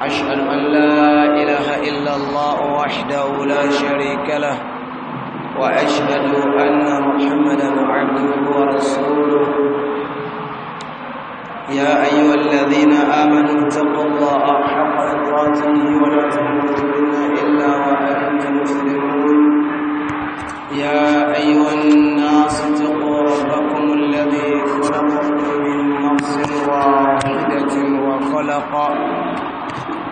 أشهد أن لا إله إلا الله وحده لا شريك له وأشهد أن محمدا عبده ورسوله يا أيها الذين آمنوا اتقوا الله حق تقاته ولا تموتن إلا وأنتم مسلمون يا أيها الناس اتقوا ربكم الذي خلقكم من نفس واحدة وخلق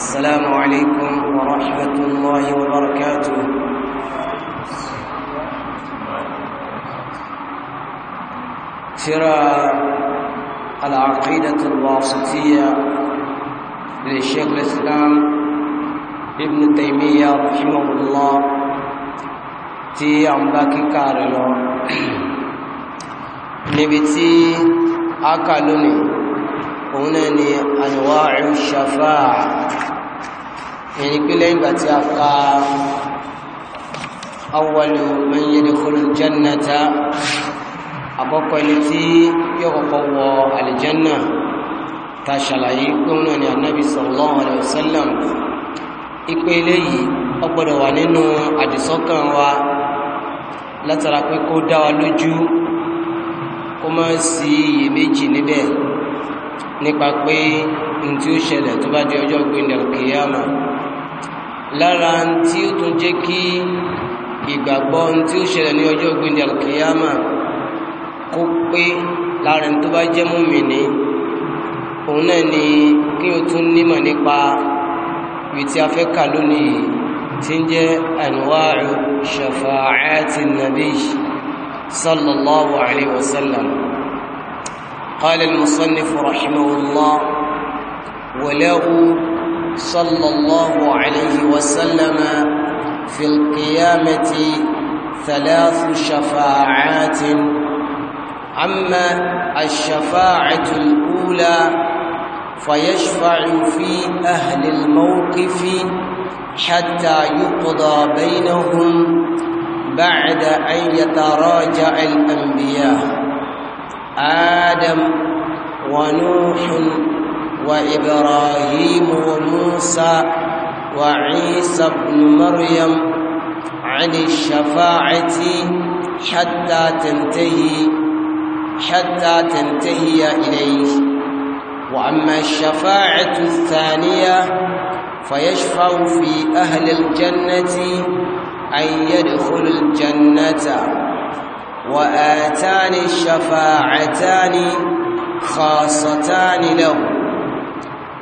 السلام عليكم ورحمة الله وبركاته ترى العقيدة الواسطية للشيخ الإسلام ابن تيمية رحمه الله تي أمباكي كارلو نبتي أكالوني òun náà ni anwa'u shafa'a ẹni pé lẹ́yìn ìgbà tí a ka awwalu man yadkhulul jannata àkọ́kọ́ ẹni tí yóò kọ́kọ́ wọ àlìjánà ta ṣàlàyé pé òun náà ni anabi sallallahu alayhi wa sallam ipe eléyìí kó dá wa sí iyèméjì níbẹ̀ nípa pé n tí ó ṣẹlẹ̀ tó bá di ọjọ́ gbẹ̀ndẹ̀ kìyàmà lára n tí ó tún jẹ́ kí ìgbàgbọ́ n tí ó ṣẹlẹ̀ ní ọjọ́ gbẹ̀ndẹ̀ kìyàmà kó pé lára n tó bá jẹ́ mùmínì òun náà ni kí o tún nímọ̀ nípa ibi tí a fẹ́ kà lónìí tí ń jẹ́ anwa'u shafa'ati nabi sallallahu alayhi wa sallam. قال المصنف رحمه الله وله صلى الله عليه وسلم في القيامة ثلاث شفاعات أما الشفاعة الأولى فيشفع في أهل الموقف حتى يقضى بينهم بعد أن يتراجع الأنبياء آدم ونوح وإبراهيم وموسى وعيسى ابن مريم عن الشفاعة حتى تنتهي حتى تنتهي إليه وأما الشفاعة الثانية فيشفع في أهل الجنة أن يدخل الجنة وآتان الشفاعتان خاصتان له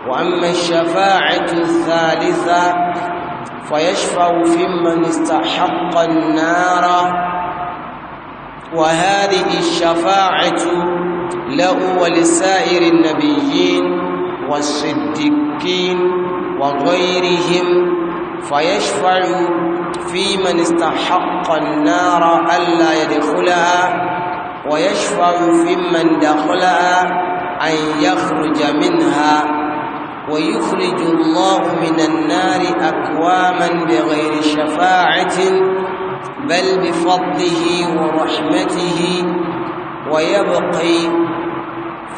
وأما الشفاعة الثالثة فيشفع فيمن استحق النار وهذه الشفاعة له ولسائر النبيين والصديقين وغيرهم فيشفع في من استحق النار ألا يدخلها ويشفع في من دخلها أن يخرج منها ويخرج الله من النار أكواما بغير شفاعة بل بفضله ورحمته ويبقي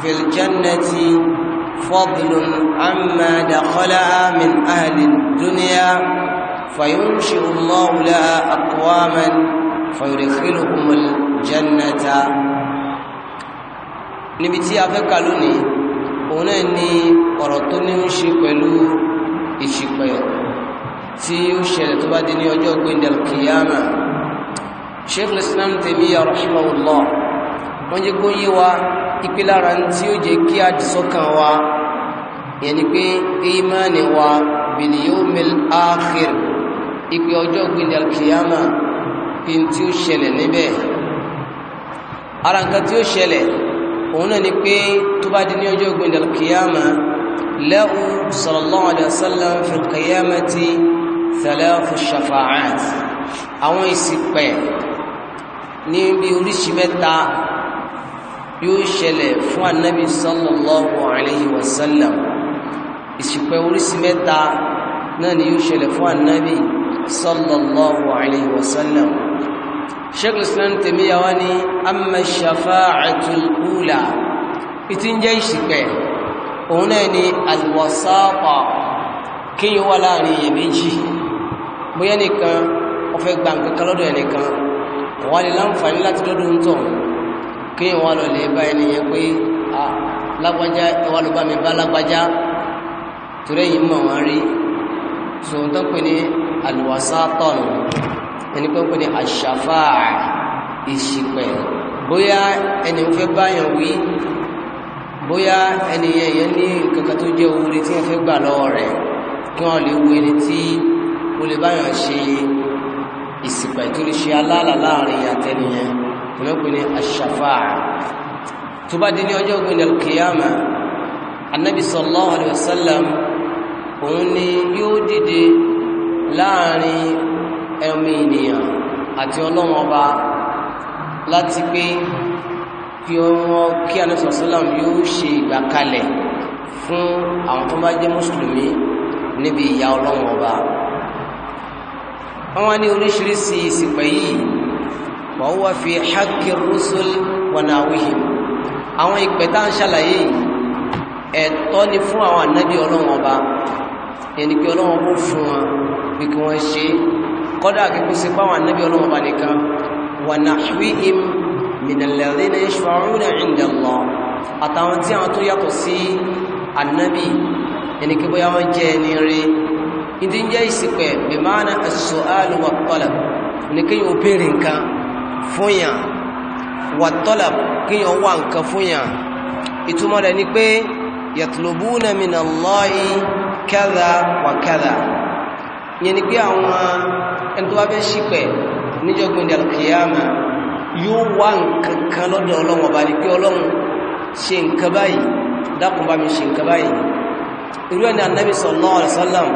في الجنة فضل عما دخلها من أهل الدنيا فينشئ الله لها أقواما فيدخلهم الجنة níbi tí a fẹ́ kà lónìí òun náà ni ọ̀rọ̀ tó ní ń ṣe pẹ̀lú ìṣìpẹ̀ tí ó ṣẹlẹ̀ tó bá di ní ọjọ́ gbẹ̀ndẹ̀l kìyàmà sheikh islam Taymiyya rahimahullah wọ́n jẹ́ kó yé wa ìpilára tí ó jẹ́ kí àdìsọ́kàn wa yẹn ni pé ìmánì wa bil yawmil akhir ìpè ọjọ́ gbìndé alkiyama kí n tí ó ṣẹlẹ̀ níbẹ̀ ara nǹkan tí ó ṣẹlẹ̀ òun náà ni pé tó bá di ní ọjọ́ gbìndé alkiyama lẹ́hùn sallallahu alaihi wasallam fi alkiyamati thalathu shafa'at àwọn ìsìpẹ̀ ní bí oríṣi mẹ́ta yóò ṣẹlẹ̀ fún anabi sallallahu alaihi wasallam ìsìpẹ̀ oríṣi mẹ́ta náà ni yóò ṣẹlẹ̀ fún anabi sallallahu alayhi wa sallam sheikh islam tèmíyà wá ní amma shafa'atul ula ìtí ń jẹ́ ìṣìpẹ̀ òun náà ni alwasaqa kí yíó wà láàrin èyàn méjì bóyá nìkan ó fẹ́ gba nǹkan kan lọ́dọ̀ ẹnìkan wà lè láǹfààní láti lọ́dọ̀ ń tọ̀ kí yíó wà lọ lè bá ẹnìyàn pé lágbájá ẹwà ló bá mi bá lágbájá torí èyí mọ̀ wọ́n so ń tọ́ pé ní alùwàsátọ̀nù ẹni pé kò ní àṣàfáà ìṣìpẹ̀ bóyá ẹni fẹ́ báyàn wí bóyá ẹni yẹn ní kankan tó jẹ́ oore tí wọ́n fẹ́ gbà lọ́wọ́ rẹ̀ kí wọ́n lè wo ẹni tí o lè báyàn ṣe ìsìpẹ̀ tó lè ṣe aláàlà láàrin àtẹnìyẹn ìlọ́pẹ̀ ní òun ni yóò dìde láàrin ẹ̀mí ènìyàn àti ọlọ́run ọba láti pé kí wọ́n kí anẹ́sọ̀ sọ́làm yóò ṣe ìgbàkalẹ̀ fún àwọn tó bá jẹ́ mùsùlùmí níbi ìyà ọlọ́run ọba wọ́n wá ní oríṣiríṣi ìsìnkú yìí wọ́n wá fi hákì rúṣùl wọnà àwíhìn àwọn ìpẹ́ tá ń ṣàlàyé ẹ̀tọ́ ni fún àwọn ànábì ọlọ́run ọba ẹni pé ọlọ́run ọba fún wọn pé kí wọ́n ṣe kọ́dá kíkú sí pàwọn anábí ọlọ́wọ́ bá nìkan wà nahwihim minalladhina yashfa'una 'inda Allah àtàwọn tí àwọn tó yàtọ̀ sí anábí ẹni kí bóyá wọ́n jẹ́ ẹni rí ìdí ń jẹ́ ìsìpẹ̀ bí máa na as-su'alu wa ní kí yóò béèrè nǹkan fún yàn wa talab kí yóò wá nǹkan fún yàn ìtumọ̀ rẹ̀ ni pé yatlubuna minallahi kadha wa kadha yẹn ni pé àwọn ẹni tó bá fẹ́ ṣìpẹ̀ níjọ́gbìn dàlùkìyàmà yóò wá nǹkan kan lọ́dọ̀ ọlọ́run ọba ni pé ọlọ́run ṣe nǹkan báyìí dákun bá mi ṣe nǹkan báyìí irú ẹni anábì sallallahu alaihi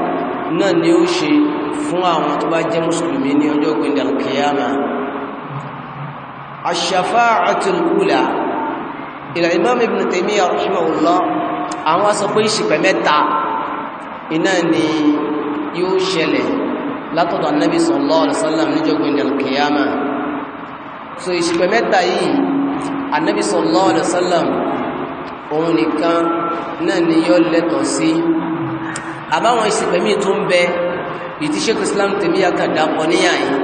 náà ni ó ṣe fún àwọn tó bá jẹ́ mùsùlùmí ní ọjọ́ gbẹ̀ndẹ̀ alkiyama ash-shafa'atul ula ila imam ibn Taymiyyah rahimahullah àwọn sọ pé ìṣìpẹ̀ mẹ́ta iná ni yóò ṣẹlẹ̀ látọ̀dọ̀ anábì sallallahu alaihi wasallam níjọ́gbìn al-qiyama so ìṣìpẹ̀ mẹ́ta yìí anábì sallallahu alaihi wasallam òun nìkan náà ni yóò lẹ́tọ̀ sí àbáwọn ìṣìpẹ̀ míì tó ń bẹ ìtí sheikh islam tèmi àkàdá ọ̀níyà yìí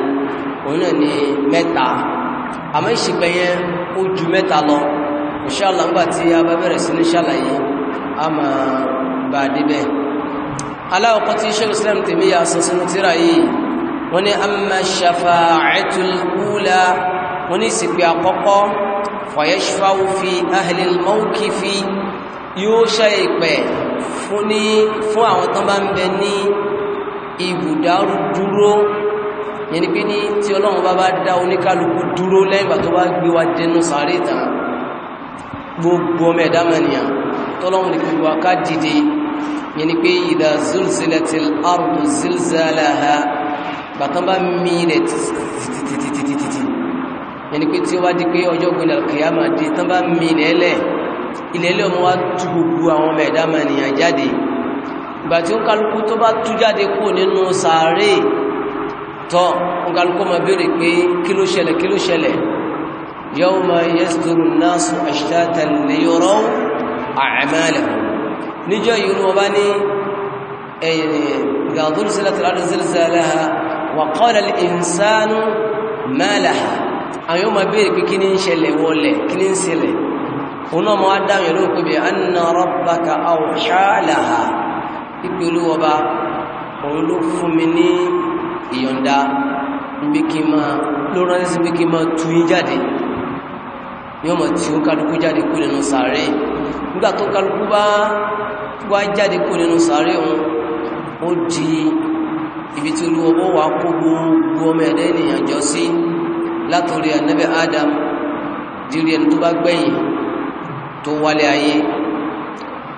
òun náà ni mẹ́ta àmọ́ ìṣìpẹ̀ yẹn ó ju mẹ́ta lọ inshallah ńgbà tí a bá bẹ̀rẹ̀ sí ní ṣàlàyé a máa débẹ̀ aláwọ̀kọ́ tí sheikh islam tèmí yà sọ sínú tíra yìí wọ́n ní amma shafa'atul ula wọ́n ní ìsìnkú àkọ́kọ́ fayashfa'u fi ahli al-mawqifi yóò ṣe ìpẹ̀ fún ní fún àwọn tán bá ń bẹ ní ibùdárú dúró yẹni pé ní tí ọlọ́run bá bá dá oníkálukú dúró lẹ́yìn tó bá gbé wa dẹnu sàárè tán gbogbo ọmọ ẹ̀dá mẹ́nìyàn tọ́lọ́run ní gbogbo aká dìde yẹn ni pé ìdá zulzilatil ardu zilzalaha bàtán bá mi ilẹ̀ títítítítítítí yẹn ni pé tí ó wá di pé ọjọ́ gbọ́dọ̀ kìyàmà dé tán bá mi ilẹ̀ ẹlẹ̀ ilẹ̀ ẹlẹ́ ọmọ àwọn ọmọ ẹ̀dá mànìyàn jáde ìgbà tí ó tó bá tú jáde kúrò nínú sàárè tọ́ ó kálukú máa béèrè pé kí ló ṣẹlẹ̀ kí ló ṣẹlẹ̀ yawma yasduru an-nasu ashtatan liyuraw a'malahum نجي yìí ni wọ́n bá زلزلت الأرض زلزالها وقال الإنسان ما لها أيوم بيك كنين شلي ولا كنين سلي هنا ما أدام يلوك بأن ربك أوحى لها يقولوا وبا قولوا فمني يوندا بكما لورانس بكما تويجادي yóò mọ̀ tí ó kálukú jáde kú nínú sàárè nígbà tó kálukú bá wá jáde kú nínú sàárè òun ó di ibi tí olú ọwọ́ wa kó gbogbo ọmọ ẹ̀dẹ́ ènìyàn jọ sí látòrí ànábì Adam dírí ẹni tó bá gbẹ̀yìn tó wálé ayé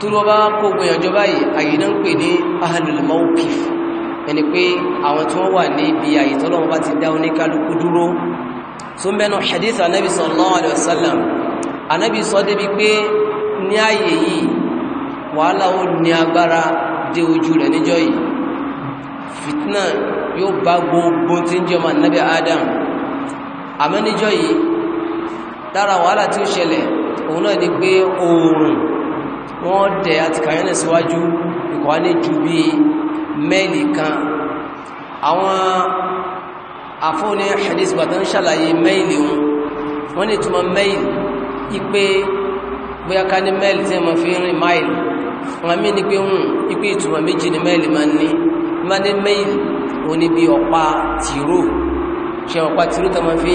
tó lọ bá kó gbìyànjọ báyìí àyè náà ń pè ní ahlul ẹni pé àwọn tí wọ́n wà ní ibi àyè tọ́lọ́wọ́n ti dá oníkálukú dúró tó ń bẹnu hadith anabi sallallahu alayhi wa sallam anabi sọ débi pé ní ààyè yìí wàhálà ó ní agbára dé ojú rẹ̀ níjọ́ yìí fitna yóò bá gbogbo tí ń jẹ́ ọmọ anabi adam àmọ́ níjọ́ yìí lára wàhálà tí ó ṣẹlẹ̀ òun náà ni pé oòrùn wọ́n dẹ̀ àti kàyánlẹ̀ síwájú ìkọ̀wá ju bí mẹ́lì kan àwọn àfóní hadith bàtà ń ṣàlàyé mẹ́ìlì wọn wọ́n ní túnmọ̀ mẹ́ìlì ipé bóyá ká ní mẹ́ìlì tí wọ́n fi rìn máìlì wọ́n mí ní pé hùn hmm, ipé ìtumọ̀ méjì ní mẹ́ìlì máa ní máa ní mẹ́ìlì òun ní bí ọ̀pá tìró ṣe ọ̀pá tìró tó máa fi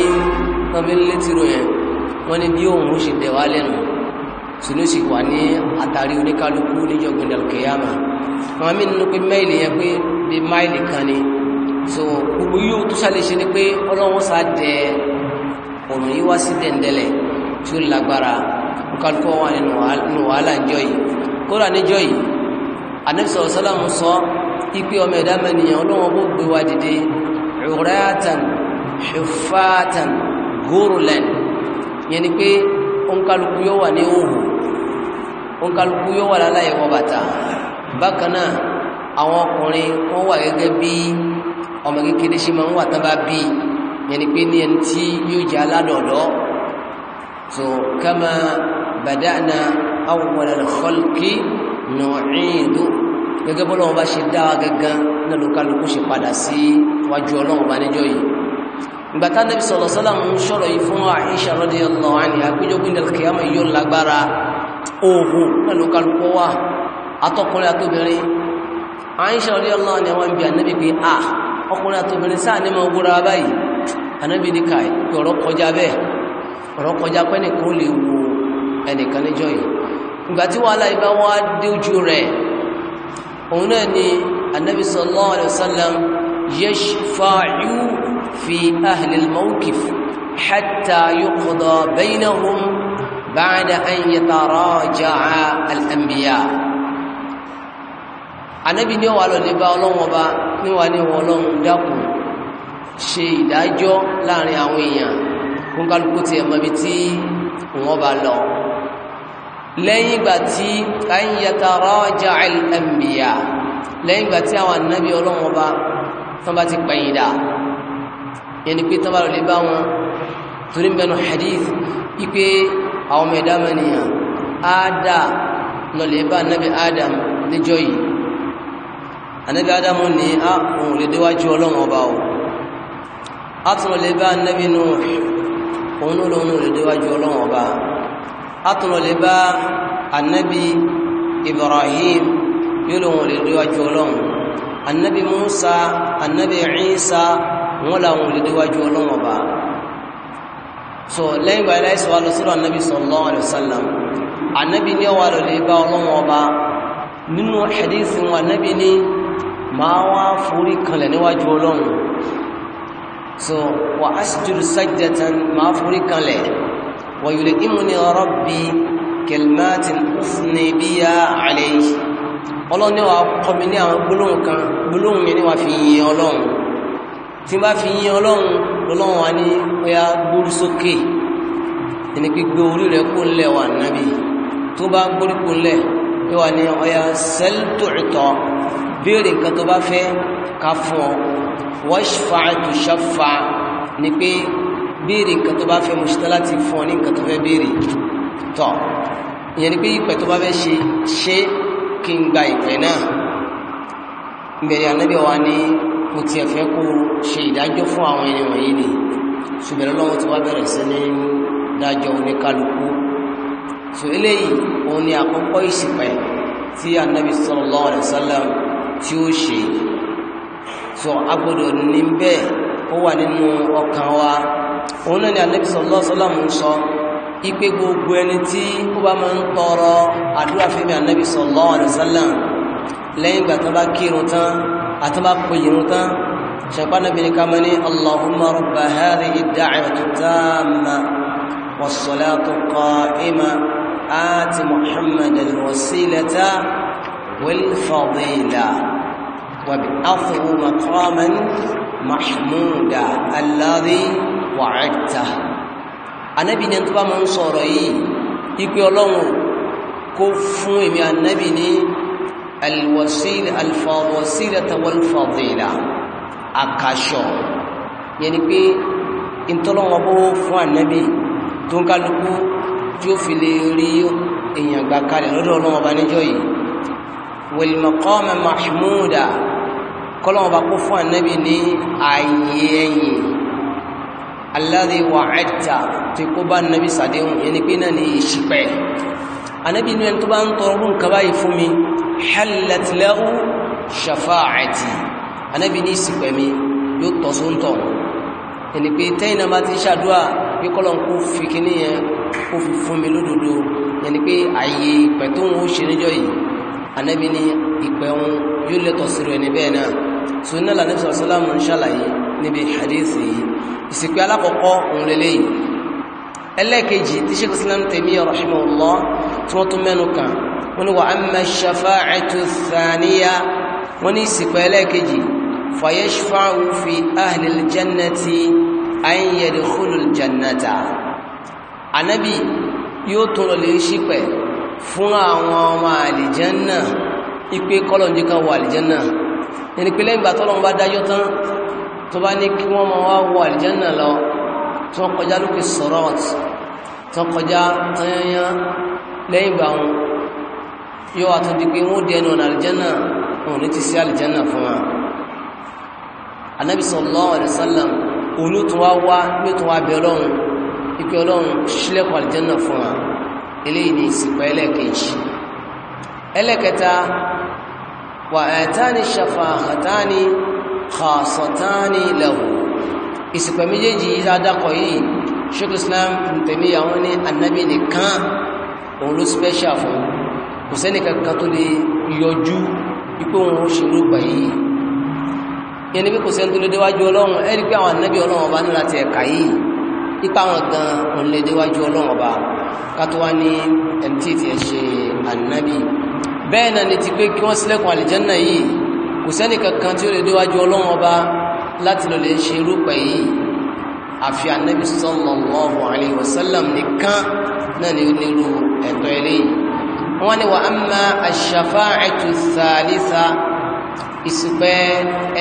wọ́n fi lé tìró yẹn wọ́n ní bí òun ó ṣe dẹ̀wá lẹ́nu sùnú sì wà ní àtàrí oníkálukú níjọ̀gbìn dàlùkẹ́yàmà wọ́n mí nínú pé mẹ́ìlì yẹn pé bí máìlì kan ni so gbogbo yóò tó sálẹ̀ ṣe ni pé ọlọ́run sá dẹ ọ̀rùn yìí wá sí dẹ̀ndẹ̀lẹ̀ tí ó lágbára kálukọ́ wà nínú wàhálà níjọ́ yìí kódà níjọ́ yìí Ànábì sallallahu alaihi wasallam sọ ipe ọmọ ẹ̀dá mẹ́niyàn ọlọ́run bó gbé wa dìde uratan hufatan ghurulan yẹn ni pé òǹkálukú yóò wà ní òhù òǹkálukú yóò wà láláyẹ̀wọ̀ bàtà bákan náà àwọn ọkùnrin wọ́n wà gẹ́gẹ́ bíi ọmọ kékeré ṣe máa ń wà tán bá bí yẹn ni pé ní ẹni tí yóò jẹ́ aládọ̀ọ̀dọ́ so kama bada'na awwala al-khalqi nu'idu gẹ́gẹ́ bọ́lá wọn bá ṣe dá wa gangan náà lókàlùkù ṣe padà sí wájú ọlọ́run bá níjọ́ yìí ìgbà tá Nabi sallallahu alaihi wasallam ń sọ̀rọ̀ yìí fún Aisha radiyallahu anha àgbéjọ́gbìn al-qiyamah yóò lágbára òògùn náà lókàlùkù wà atọ́kùnrin àtòbìnrin Aisha radiyallahu anha wọn bí i ànábì pé ah, ọkùnrin àtòbìnrin sáà ní ma wúra báyìí anábì ní káì pé ọ̀rọ̀ kọjá bẹ́ẹ̀ ọ̀rọ̀ kọjá pé nìkan ó lè wo ẹnìkan níjọ́ yìí ìgbà tí wàhálà ibà wá dé ojú rẹ̀ òun náà ni anábì sallallahu alaihi wasallam yashfa'u fi ahli al-mawqif hatta yuqda bainahum ba'da an yataraja'a al-anbiya' ànábì ní ọwà lọ́lẹ́ bá ọlọ́run ọba níwà ní wọn ọlọ́run dákun ṣe ìdájọ́ láàrin àwọn èèyàn kó kálukú ti ẹ̀mọ́ ibi tí wọ́n bá lọ lẹ́yìn ìgbà tí ayyatarāja al-anbiyā lẹ́yìn ìgbà tí àwọn ànábì ọlọ́run ọba tán bá ti pẹ̀yìn dà yẹni pé tán bá lọ́lẹ́ bá wọn torí mẹ́nu hadith ipe àwọn ọmọ ẹ̀dá mẹ́niyàn áádà lọ́lẹ́ bá ànábì Adam níjọ́ yìí anabi adamu ní a ah, òun lè déwájú ọlọ́run ọba o a tún lè bá anabi nù òun ló lòun lè déwájú ọlọ́run ọba a tún lè bá anabi ibrahim yóò lè déwájú ọlọ́run anabi musa anabi isa wọn làwọn lè déwájú ọlọ́run ọba so lẹ́yìn ìgbà ilẹ̀ ìsọ̀wà lọ sọ́rọ̀ annabi sallallahu alaihi wasallam annabi ní ọwà lọ lè bá ọlọ́run ní máa wá forí kanlẹ̀ níwájú ọlọ́run so wà á sì jùlọ sajdatan máa forí kanlẹ̀ wà yìí lè imú ni rabbi kẹlmátin ufni biya alayhi ọlọ́run ni wà kọmi ní àwọn gbólóhùn kan gbólóhùn yẹn ni wà fi yin ọlọ́run tí n bá fi yin ọlọ́run ọlọ́run wà ní ọya gbórí sókè ẹni gbígbé orí rẹ̀ kó lẹ̀ wà nábì tó bá gbórí kó lẹ̀ yóò wà ní ọya sẹ́lítò béèrè nǹkan tó bá fẹ́ ká fún ọ washfa tushaffa ni pé béèrè nǹkan tó bá fẹ́ mo ṣetán láti fún ọ ní nǹkan tó fẹ́ béèrè tọ̀ ìyẹn ni pé ìpẹ́ tó bá fẹ́ ṣe ṣe kí n gba ìpẹ́ náà bẹ̀rẹ̀ ànábì wa ní kò tiẹ̀ fẹ́ kó ṣe ìdájọ́ fún àwọn ẹni wọ̀nyí ni ṣùgbọ́n lọ́wọ́ ti wá bẹ̀rẹ̀ sí ní dájọ́ oníkálukú so eléyìí òun ni àkọ́kọ́ ìṣìpẹ̀ tí ànábì sallallahu alaihi wasallam tí ó ṣe so agbọ́dọ̀ ní bẹ́ẹ̀ ó wà nínú ọkàn wa òun náà ni Ànábì sallallahu alaihi wasallam ń sọ ipe gbogbo ẹni tí ó bá máa ń tọrọ àdúrà fífi Ànábì sallallahu alaihi wasallam lẹ́yìn ìgbà tó bá kírun tán àtọ́bá pèyìrún tán ṣẹ̀pánàbìnrin ká mọ́ allahumma والفضيلة وبأثر مقاما محمودا الذي وعدته anabi ni tó bá mọ́ ń sọ̀rọ̀ yìí ipe ọlọ́run kó fún èmi anabi ní alwasila alfawasila tawalfadila akaṣọ yẹn ni pé ìtọ́lọ́wọ́ bó fún anabi tó ń kálukú tí ó fi lè rí èèyàn gbà kalẹ̀ lọ́dọ̀ ọlọ́run ọba níjọ́ yìí wèlmọ̀kọ́mọ̀ mahmuda kọ́lọ́wọ́ bá kó fún ànábì ní ààyè ẹ̀yìn alladhi wa'adta tí kó bá ànábì sàdéhùn yẹn ni pé náà ní ìṣìpẹ̀ ànábì inú ẹni tó bá ń tọrọ rún kaba yìí fún mi hallat lahu shafa'ati ní ìṣìpẹ̀ mi yóò tọ́ sóńtọ̀ ẹni pé tẹ́yìn náà bá ti ṣàdúrà pé kọ́lọ̀ fi kíní yẹn kó fi fún mi lódodo ẹni pé ààyè ìpẹ̀ tó ṣe níjọ́ yìí anabi ní ìpẹ̀hún yóò lẹ́tọ̀ sírò ẹni bẹ́ẹ̀ náà sunna la nabi sallallahu alaihi wasallam ń ṣàlàyé níbi hadithi yìí ìsìnkú alákọ̀ọ́kọ́ òun lélẹ́ yìí ẹlẹ́ẹ̀kejì tí sheikh islam Taymiyyah rahimahullah tí wọ́n tún mẹ́nu kàn wọ́n ní wa amma shafa'atu thaniya wọ́n ní ìsìnkú ẹlẹ́ẹ̀kejì fayashfa'u fi ahli aljannati an yadkhulu aljannata anabi yóò tún lọ lè ṣípẹ́ fún àwọn ọmọ àlìjẹ́nà ipé kọ́lọ̀njí kan wọ àlìjẹ́nà ẹni pé lẹ́yìn gbàtọ́lọ́wọ́ bá dájọ́ tán tó bá ní kí wọ́n máa wá wọ àlìjẹ́nà lọ tó kọjá lókè sọ́rọ̀t tó kọjá tanyanya lẹ́yìn gbà wọn yóò àtún di pé wọ́n dẹnu ọ̀nà àlìjẹ́nà wọn ti sí àlìjẹ́nà fún wa anabi sallallahu alaihi wasallam olótùwá wá gbẹtùwá bẹ ọlọ́run ìpè ọlọ́run ṣílẹ̀kọ̀ àlìjẹ́nà fún wa eléyìí ni ìsìnkú ẹlẹ́ẹ̀kejì ẹlẹ́ẹ̀kẹta wà ẹ̀tání ṣàfàhàtáni kàṣọ̀táni lẹ́wù ìsìnkú méjèèjì ìdádákọ̀ yìí Sheikh Islam tẹ̀mí àwọn ní annabi nìkan òun ló special fún kò sẹ́ni kankan tó lè yọjú ipò òun ṣe ló gbà yìí yẹn ni pé kò sẹ́ni tó lè déwájú ọlọ́run ẹ̀rí pé àwọn annabi ọlọ́run ọba ní láti ẹ̀ka yìí ipa àwọn gan òun lè déwájú ọlọ́run ọba kátówá ní ẹ̀ntí ti ẹ̀ṣe ànábì bẹ́ẹ̀ náà ni ti pé kí wọ́n sílẹ̀kùn àlìjẹ́nà yìí kò sẹ́ni kankan tí ó lè déwájú ọlọ́run ọba láti lọ lè ṣe irúpẹ̀ yìí àfi ànábì sallallahu alayhi nìkan náà ni ó nírú ẹ̀tọ́ eléyìí wọ́n ní wa amma ash-shafa'atu ath-thalitha ìsìpẹ́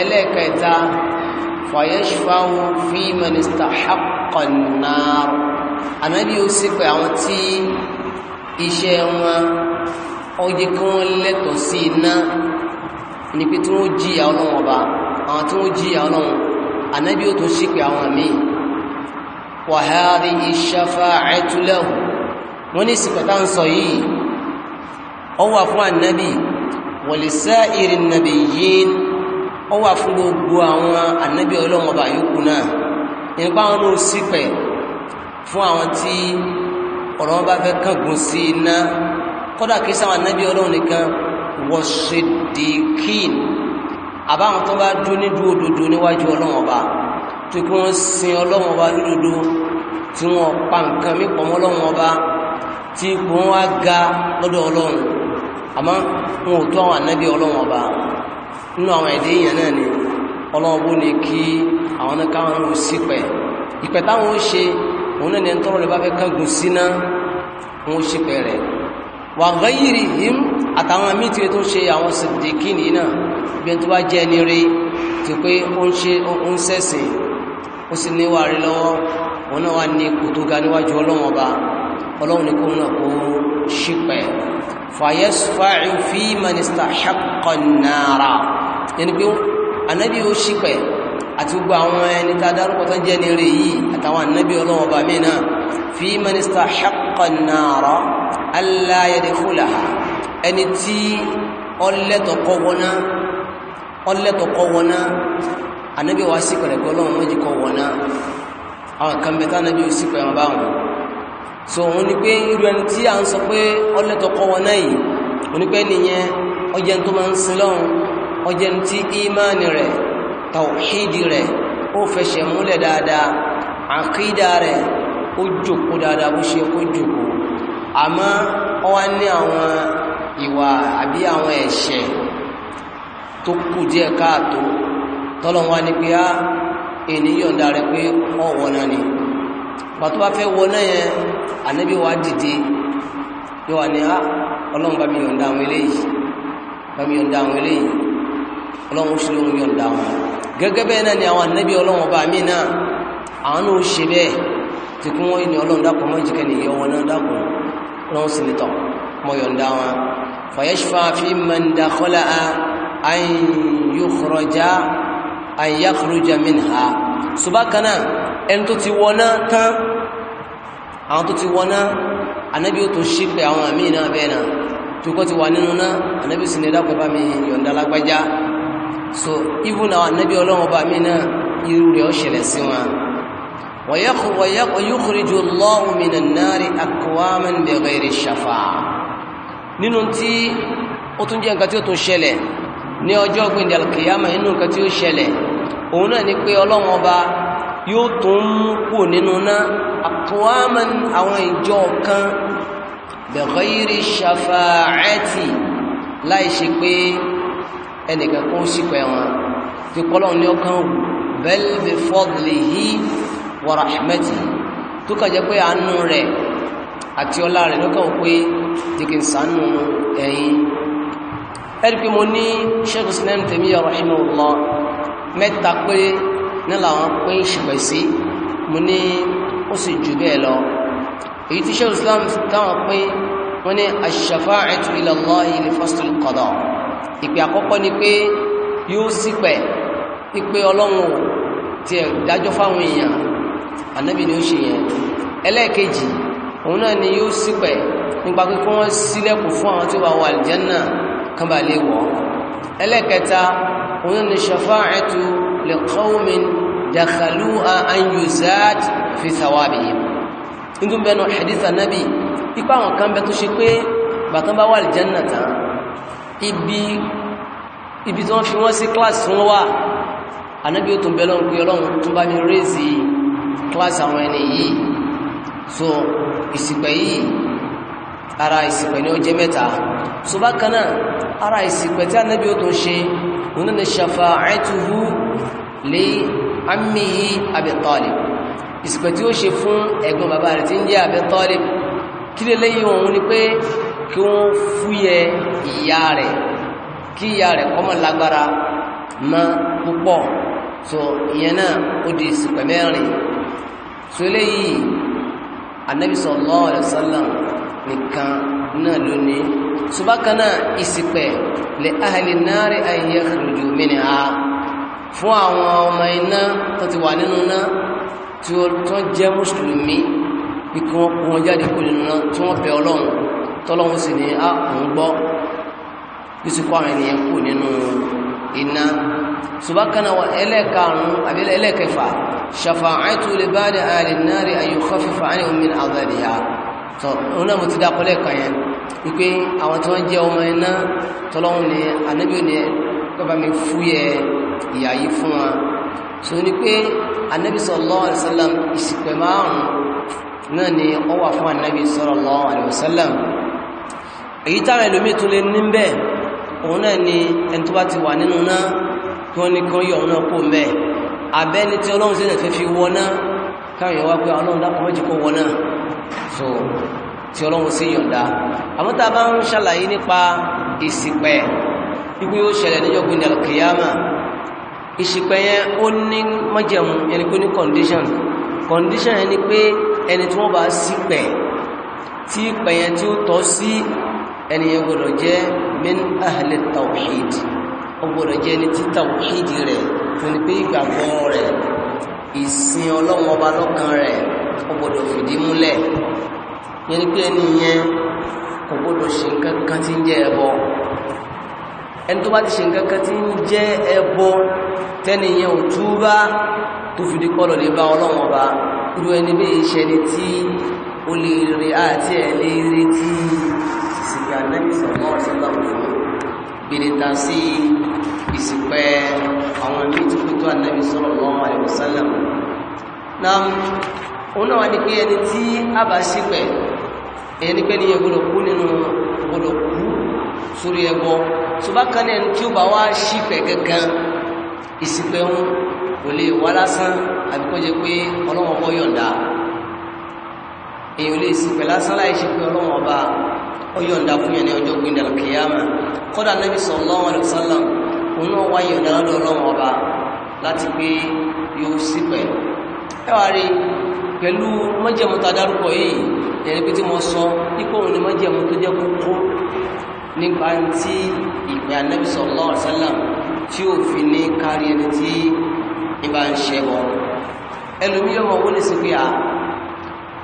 ẹlẹ́ẹ̀kẹta fa yashfa'u fi ànábì ó sì pé àwọn tí iṣẹ́ wọn ọjẹ kí wọ́n lẹ́tọ̀ọ́ sí iná ní pé tí wọ́n jìyà ọlọ́run ọba àwọn tí wọ́n jìyà ọlọ́run ànábì ó tó sì pé àwọn míì wa hadhihi shafa'atu lahu wọ́n ní ìsìnkọ̀tà ń sọ yìí ó wà fún ànábì wa li sa'iri ó wà fún gbogbo àwọn ànábì ọlọ́run ọba yòókù náà nípa àwọn ló sì pẹ̀lú fún àwọn tí ọ̀rọ̀ wọn bá fẹ́ kángun sí iná kódà kí sáwọn anábì ọlọ́run nìkan wọ́ṣẹ̀dẹ̀kìn àbáwọn tó bá dún ní dúró dodo níwájú ọlọ́run ọba tó kí wọ́n sin ọlọ́run ọba lódodo tí wọ́n pa nǹkan mí pọ̀ mọ́ ọlọ́run ọba tí kò wọ́n wá ga lọ́dọ̀ ọlọ́run àmọ́ wọn ò tó àwọn anábì ọlọ́run ọba nínú àwọn ẹ̀dẹ́ èèyàn náà ni ọlọ́run bó ní kí àwọn náà káwọn ń sípẹ̀ ìpẹ̀ táwọn ó ṣe òun náà ni ẹni tọ́rọ lè bá fẹ́ kángun síná òun ṣípẹ́ rẹ̀ wà gáyìrì yìí àtàwọn mítí tó ṣe àwọn sìdìkì nìyí náà bí ẹni tó bá jẹ́ ẹni rí ti pé ó ń ṣe ó ń sẹ̀sìn ó sì níwà rí lọ́wọ́ òun náà wà ní ipò tó ga níwájú ọlọ́run ọba ọlọ́run ní kóun náà kó ṣípẹ́ fàyẹ́sùfáì fí mẹ́nìsítà ṣàkọ̀nàrà ẹni pé ànábì ó ṣípẹ́ àti gbogbo àwọn ẹni tá a dárúkọ tó jẹ́ ní rẹ̀ yìí àtàwọn ànábì ọlọ́wọ́ bá mí náà fi mẹ́nista ṣàkànnàrọ̀ aláyẹ̀dẹ̀kúlà ẹni tí ọlẹ́tọ̀kọ́ wọná ọlẹ́tọ̀kọ́ wọná ànábì wa sí pẹ̀lẹ̀ pé méjì kọ́ wọná àwọn kan bẹ ò sí pẹ̀lẹ̀ so òun ni pé irú ẹni tí a ń sọ pé ọlẹ́tọ̀kọ́ wọná ọjẹ́ tí ímánì rẹ̀ tàwíìdì rẹ̀ ó fẹsẹ̀ múlẹ̀ dáadáa àkídà rẹ̀ ó jòkó dáadáa bó ṣe kó jòkó àmọ́ ó wá ní àwọn ìwà àbí àwọn ẹ̀ṣẹ̀ tó kù díẹ̀ káàtó tọ́lọ́wọ́ wá ní pé á ènìyàn dá rẹ̀ pé ọ̀wọ̀ náà ni bàtú bá fẹ́ wọ náà yẹn ànábì wa dìde yóò wà ní á ọlọ́run bá mi yọ̀ǹda àwọn eléyìí bá mi yọ̀ǹda àwọn eléyìí ọlọ́run ó sì lóhun yọ̀ǹda àwọn eléyìí gẹ́gẹ́ bẹ́ẹ̀ náà ni àwọn ànábì ọlọ́run ọba mi náà àwọn náà ó ṣe bẹ́ẹ̀ tí kún wọ́n ní ọlọ́run dákun mọ́ ìjìkẹ́ ní ìyọ́ wọn náà dákun ọlọ́run sì nìtọ̀ mọ́ yọ̀ǹda wọn fàyẹ́ṣfà fi man dakhala an yukhraja an yakhruja minha subakana ẹni tó ti wọ́ná tán àwọn tó ti wọ́ná ànábì ó tó ṣí pé àwọn àmì náà bẹ́ẹ̀ náà tó kọ́ ti wà nínú náà ànábì sì ní dákun bá mi yọ̀ǹda lágbájá so even àwọn ànábì ọlọ́run ọba mi náà irú rẹ̀ ó ṣẹlẹ̀ sí wọn wayukhriju Allahu minan nari aqwaman bighayri shafa'a nínú tí ó tún jẹ́ nǹkan tí ó ọlọ́run ọba àwọn ìjọ kan bighayri shafa'ati láì ṣe pé ẹnìkan kó ṣìpẹ̀ wọn tí kọ́lọ̀ ní ọkàn wù bal bi fadlihi wa rahmatihi tó kà jẹ́ pé àánú rẹ̀ àti ọlá rẹ̀ lọ́kàn wù pé jẹ́kì sànú ẹ̀yìn ẹ̀rí pé mo ní Shaykh Islam Taymiyyah ìpè àkọ́kọ́ ni pé yóò sípẹ̀ ìpè ọlọ́run ò ti ẹ̀ dájọ́ fáwọn èèyàn ànábì ni ó ṣe yẹn ẹlẹ́ẹ̀kejì òun náà ni yóò sípẹ̀ nípa pé kí wọ́n sílẹ̀kùn fún àwọn tí ó bá wà àlìjẹ́nà kan bá lè wọ̀ ẹlẹ́ẹ̀kẹta òun náà ni ṣafa'atu li qawmin dakhaluha ibi ibi tí wọ́n fi wọ́n sí kíláàsì tí wọ́n wà anábí ó tún bẹ́ lọ́rùn pé ọlọ́run tún bá ní rézì kíláàsì àwọn ẹni yìí so ìsìpẹ̀ yìí ara ìsìpẹ̀ ní ọjẹ́ mẹ́ta so bákan ara ìsìpẹ̀ tí anábí ó tún ṣe òun ni shafa'atuhu li ammihi Abi Talib ìsìpẹ̀ tí ó ṣe fún ẹ̀gbọ́n bàbá rẹ̀ tí ń jẹ́ Abi kí lè lẹ́yìn òun ni pé kí wọ́n fúyẹ ìyá rẹ̀ kí ìyá rẹ̀ kọ́mọ̀ lágbára mọ́ púpọ̀ so ìyẹn náà ó di ìsìnkú mẹ́rin so eléyìí anabi sallallahu alaihi wasallam nìkan náà lónìí so bákan náà ìsìnkú lè ahli nari an yakhruju minha fún àwọn ọmọ iná tó ti wà nínú náà tí ó tán jẹ́ mùsùlùmí bí kí wọ́n kó wọn jáde kó nínú náà tí wọ́n bẹ ọlọ́run tọ́lọ́hún sì ní à ah, ń gbọ́ bí sì kọ́ àwọn ènìyàn kù nínú iná subakana wa ẹlẹ́karùn-ún àbí ẹlẹ́kẹfà ṣàfàáìtù lè bá dẹ̀ àlè náà rí ayò kọfífà ní omi àgbàdìyà tọ́ òun náà mo ti dákọ́ lẹ́ẹ̀kan yẹn wípé àwọn tí wọ́n jẹ́ ọmọ iná tọ́lọ́hún ni anábìyàn ni bàbá mi fúyẹ́ ìyà yìí fún wa so ni pé anábì sallallahu alaihi wasallam ìsìpẹ̀ márùn-ún náà ni ó wà fún anábì sallallahu alaihi èyí táwọn ẹlòmí tó lè ní bẹ́ẹ̀ òun náà ni ẹni tó bá ti wà nínú náà tó ní kan yọ òun náà kó mẹ́ abẹ́ni tí ọlọ́run sí ẹ̀fẹ́ fi wọ náà káwọn yọ wá pé ọlọ́run dákọ̀ méjì kó wọ náà so tí ọlọ́run sí yọ̀ǹda àmọ́ tá a bá ń ṣàlàyé nípa ìsìpẹ̀ ikú yóò ṣẹlẹ̀ níjọ́ gbé nílẹ̀ kìyàmà yẹn ó ní májẹ̀mú yẹn pé ní condition condition yẹn ni pé ẹni tí wọ́n bá sípẹ̀ tí ìpẹ̀ tí ó tọ́ sí ẹni yẹn gbọ́dọ̀ jẹ́ min ahli tawhid ó gbọ́dọ̀ jẹ́ ní tí tawhid rẹ̀ fún ni pé ìgbàgbọ́ rẹ̀ ìsìn ọlọ́run ọba lọ́kàn rẹ̀ ó gbọ́dọ̀ fìdí múlẹ̀ yẹn ni pé ẹni yẹn kò gbọ́dọ̀ ṣe nǹkan kan tí ń jẹ́ ẹbọ ẹni tó bá ti ṣe nǹkan kan tí ń jẹ́ ẹbọ tẹ́ni yẹn ò túbá tó fi di kọ́lọ̀ bá ọlọ́run ọba irú ẹni bẹ́ẹ̀ ṣẹni tí ó lè rí àti ẹ̀ lè retí ìsìnkú anábì sọ̀rọ̀ ọ̀sẹ̀lá fún gbèrèta sí ìsìnkpẹ́ àwọn ẹ̀mí tó kú tó anábì sọ̀rọ̀ lọ́wọ́ àìwòsálà náà òun náà wà ní pé ẹni tí a bá ṣìpẹ̀ ẹni pé níyẹn gbọdọ̀ kú nínú gbọdọ̀ kú sórí ẹbọ tó bá kan ẹni tí ó bá wá ṣìpẹ̀ gẹ́gẹ́ ìsìnkpẹ́ wọn kò lè wá lásán àbíkọ́jẹ́ pé ọlọ́wọ́ bọ́ yọ̀ǹda èèyàn lè ṣìpẹ̀ lásán láì ṣe pé ọlọ́wọ́ ọba ó yọ̀ǹda fún yẹn ní ọjọ́ gbẹ̀ndà kìyàmà kọ́dà Nabi sallallahu alaihi wasallam òun náà wá yọ̀ǹda lọ́dọ̀ ọlọ́run ọba láti pé yóò sí pẹ̀ ẹ wá rí pẹ̀lú májẹ̀mú tá a dárúkọ yìí ẹ̀rí pé tí mo sọ ipò òun ni májẹ̀mú tó jẹ́ kókó nípa tí ìpè Nabi sallallahu alaihi wasallam tí ó fi ní kárí ẹni tí ìbá ń ṣẹbọ ẹlòmí ọmọ owó ní sí pé à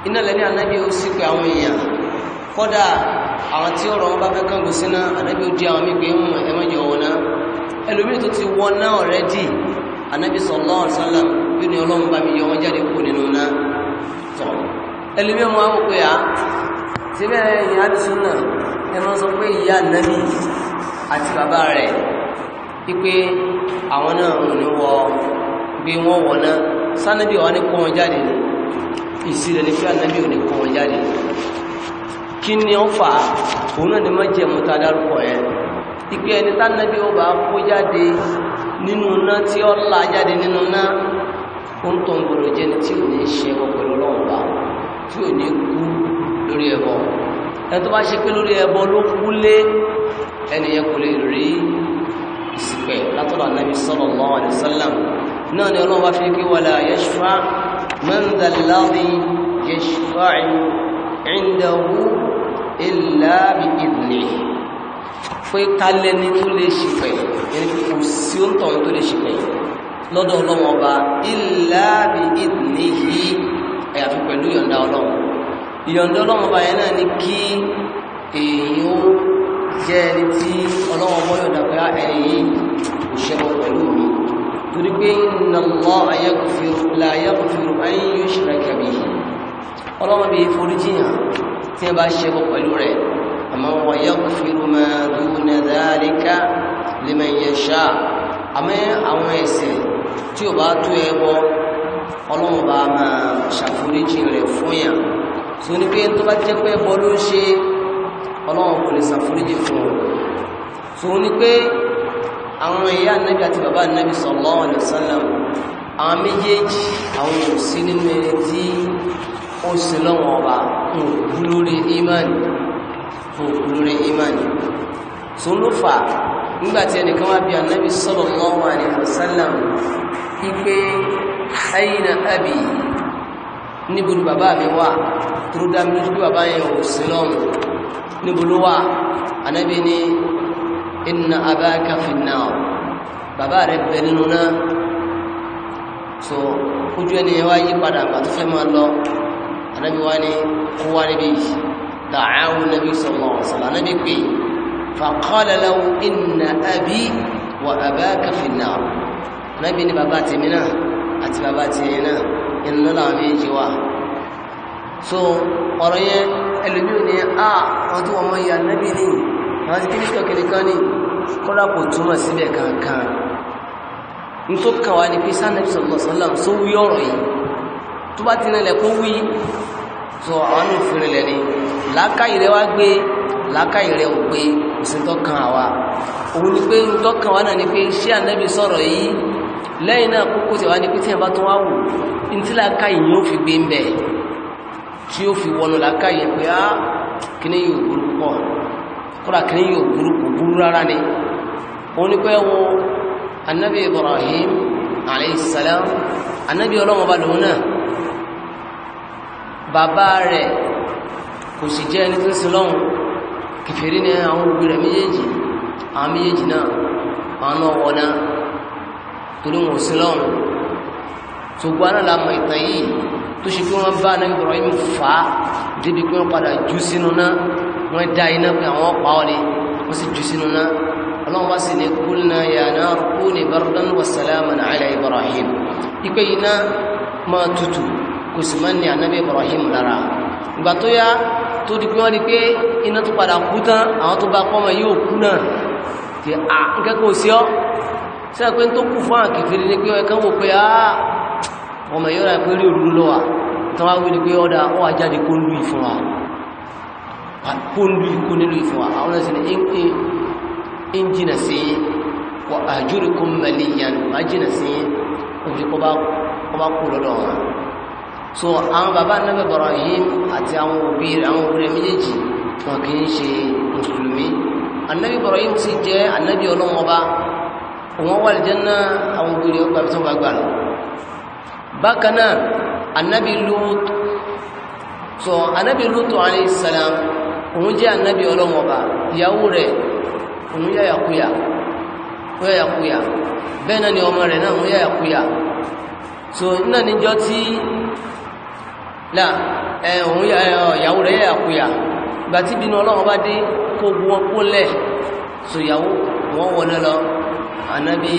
iná lẹ́ni ànábì ó sí àwọn èèyàn kọ́dà àwọn tí ọ̀rọ̀ wọn bá fẹ́ kángun síná ànábì di àwọn mígbé ń hmm, mọ̀ ẹmọ́jọ wọn náà ẹlòmíì tó ti wọ́n náà rẹ̀ dì ànábì sallallahu alaihi wasallam bí ni ọlọ́run bá mi yọ wọn jáde kú nínú náà tọ́ ẹlòmíì wọn wò pé à síbẹ̀ ìyá àdìsún náà ẹ sọ pé ìyá ànábì àti bàbá rẹ̀ wípé àwọn náà ò ní wọ gbé wọn wọ̀ náà sánábì wọn wọn jáde ìsirẹ̀ ní pé ànábì ò ní kó wọn jáde kí ni ó fà á òun náà ni má jẹ mú ta dárúkọ yẹn ìpé ẹni tánàbí ó bá kó jáde nínú náà tí ó là jáde nínú náà ó ń tọ́ gbọdọ̀ jẹ́ ni tí ò ní ṣe ẹbọ pẹ̀lú ọlọ́run bá tí ò ní kú lórí ẹbọ ẹni tó bá ṣe pé lórí ẹbọ ló kú lé ẹnìyẹn kò lè rí ìsìpẹ̀ látọ̀dọ̀ anábì sallallahu alaihi wasallam náà ni ọlọ́run bá fi kí wala yashfa man dhalladhi yashfa'u 'indahu illa bi idnihi pé kálẹ̀ ni tó lè ṣìpẹ̀ ẹni kò sí ó ń tọ̀ tó lè ṣìpẹ̀ lọ́dọ̀ ọlọ́wọ́n ọba illa bi idnihi àyàfi pẹ̀lú yọ̀ǹda ọlọ́wọ́n ìyọ̀ǹda ọlọ́wọ́n ọba yẹn náà ni kí pé ah, ẹni yìí kò ṣẹ́wọ́ pẹ̀lú mi torí pé inna Allaha yaghfiru la yaghfiru an yushraka tí wọ́n bá ṣe bọ́ pẹ̀lú rẹ̀ àmọ́ wa yaghfiru ma duna dhalika liman yasha àmọ́ àwọn ẹ̀ṣẹ̀ tí ò bá tó ẹbọ ọlọ́run bá máa ṣàforíjì rẹ̀ fún yàn tó ní pé tó bá jẹ́ pé ẹbọ ló ń ṣe ọlọ́run kò lè ṣàforíjì fún un tó ní pé àwọn ìyá ànábì àti bàbá ànábì sallallahu alaihi wasallam àwọn méjèèjì àwọn òsì nínú ẹni tí ó sì lọ́wọ́ ọba òkú lórí imani òkú lórí imani tó ló fà nígbàtí ẹnìkan wá bí anábì sallallahu alaihi wasallam ipé ayna abi níbo ni bàbá mi wà tó dá mi lójú bàbá yẹn ò sí lọ́wọ́ níbo wà anábì ní inna abaka bàbá rẹ̀ bẹ̀ nínú náà so ojú ẹni yẹn wá yí padà àgbà máa lọ anábí wá ní kó wá níbi dàáwù nàbí sọ̀rọ̀ sọ̀rọ̀ anábí pé faqala lahu inna abi wa abaka fin-nar anábí ní bàbá tèmi náà àti bàbá tèmi náà iná làwọn méjì wà so ọ̀rọ̀ yẹn ẹlòmíì ní a wọn tó wọn mọ iye anábí ní àwọn ti kíníkà kíníkà ní kọ́lá kò túmọ̀ síbẹ̀ kankan nítorí kàwá ni pé sanabi sallallahu alaihi wasallam sọ wí ọ̀rọ̀ yìí tó bá ti rìnlẹ̀ kó wí tó àwọn ní òfin rìnlẹ̀ ni làákàyè rẹ wá gbé làákàyè rẹ ò gbé òsì tọ́kàn àwa òun ni pé tọ́kàn wa náà ni pé ṣé ànábì sọ̀rọ̀ yìí lẹ́yìn náà kókó tí wá ní pé tí ẹ bá tó wá wù ní tí làákàyè yóò fi gbé ń bẹ̀ tí ó fi wọnú làákàyè pé á kíní yóò burú pọ̀ kódà kíní yóò burú kò burú rárá ni òun ni pé wo ànábì Ibrahim alayhi salam ànábì ọlọ́wọ́n ba lòun náà bàbá rẹ̀ kò sì jẹ́ ẹni tó ń sin lọ́hùn kèfèrí ni àwọn òbí rẹ̀ méjèèjì àwọn méjèèjì náà àwọn náà wọ̀ náà torí wọn ò sin lọ́hùn ṣùgbọ́n náà la mọ ìtàn yìí tó ṣe pé wọ́n bá ní Ibrahim fà á débi pé wọ́n padà jù sínú náà wọ́n dá iná pé àwọn ọ̀pá ọ̀lẹ́ wọ́n sì jù sínú náà ọlọ́run bá sì ní qulna ya nar kuni bardan wa salaman ala Ibrahim ìpè iná máa tutù kò sì máa ń ní ànábì Ibrahim lára ìgbà tó yá tó di pé wọ́n rí pé iná tó padà kú tán àwọn tó bá pọ́mọ yóò kú náà tí a nkẹ́kọ̀ọ́ sí ọ́ sẹ́yà pé tó kù fún àkìfèrè ní pé ẹ̀kan wò pé àá ọmọ yóò rà pé rí òru lọ́wà tán wá wí ni pé ọ̀dà ọ̀ àjáde kó ń lu ìfún wa kó ń lu ìkó nílùú ìfún wa àwọn ẹ̀sìn ń jìnà sí àjúrìkún mẹ́lìyàn má jìnà sí òfin kọ́ bá kú lọ́dọ̀ wọn so àwọn bàbá Ànábì Ibrahim àti àwọn òbí àwọn òbí rẹ̀ méjèèjì wọn kì í ṣe mùsùlùmí Ànábì Ibrahim ti jẹ́ Ànábì Ọlọ́hun Ọba òun wà lìjẹ́nà àwọn òbí rẹ̀ ọgbà tó bá gbà lọ bákan náà Ànábì Lut so Ànábì Lut alayhi salam òun jẹ́ Ànábì Ọlọ́hun Ọba ìyàwó rẹ̀ òun yà yàkuyà ó yà yàkuyà bẹ́ẹ̀ náà ni ọmọ rẹ̀ náà òun yà yàkuyà so náà níjọ́ tí La, ẹ̀hùn ìyàwó rẹ̀ yàkúyà ìgbà tí bínú ọlọ́run bá dé kó bu wọn kó lẹ̀ so ìyàwó wọn wọlé lọ anabi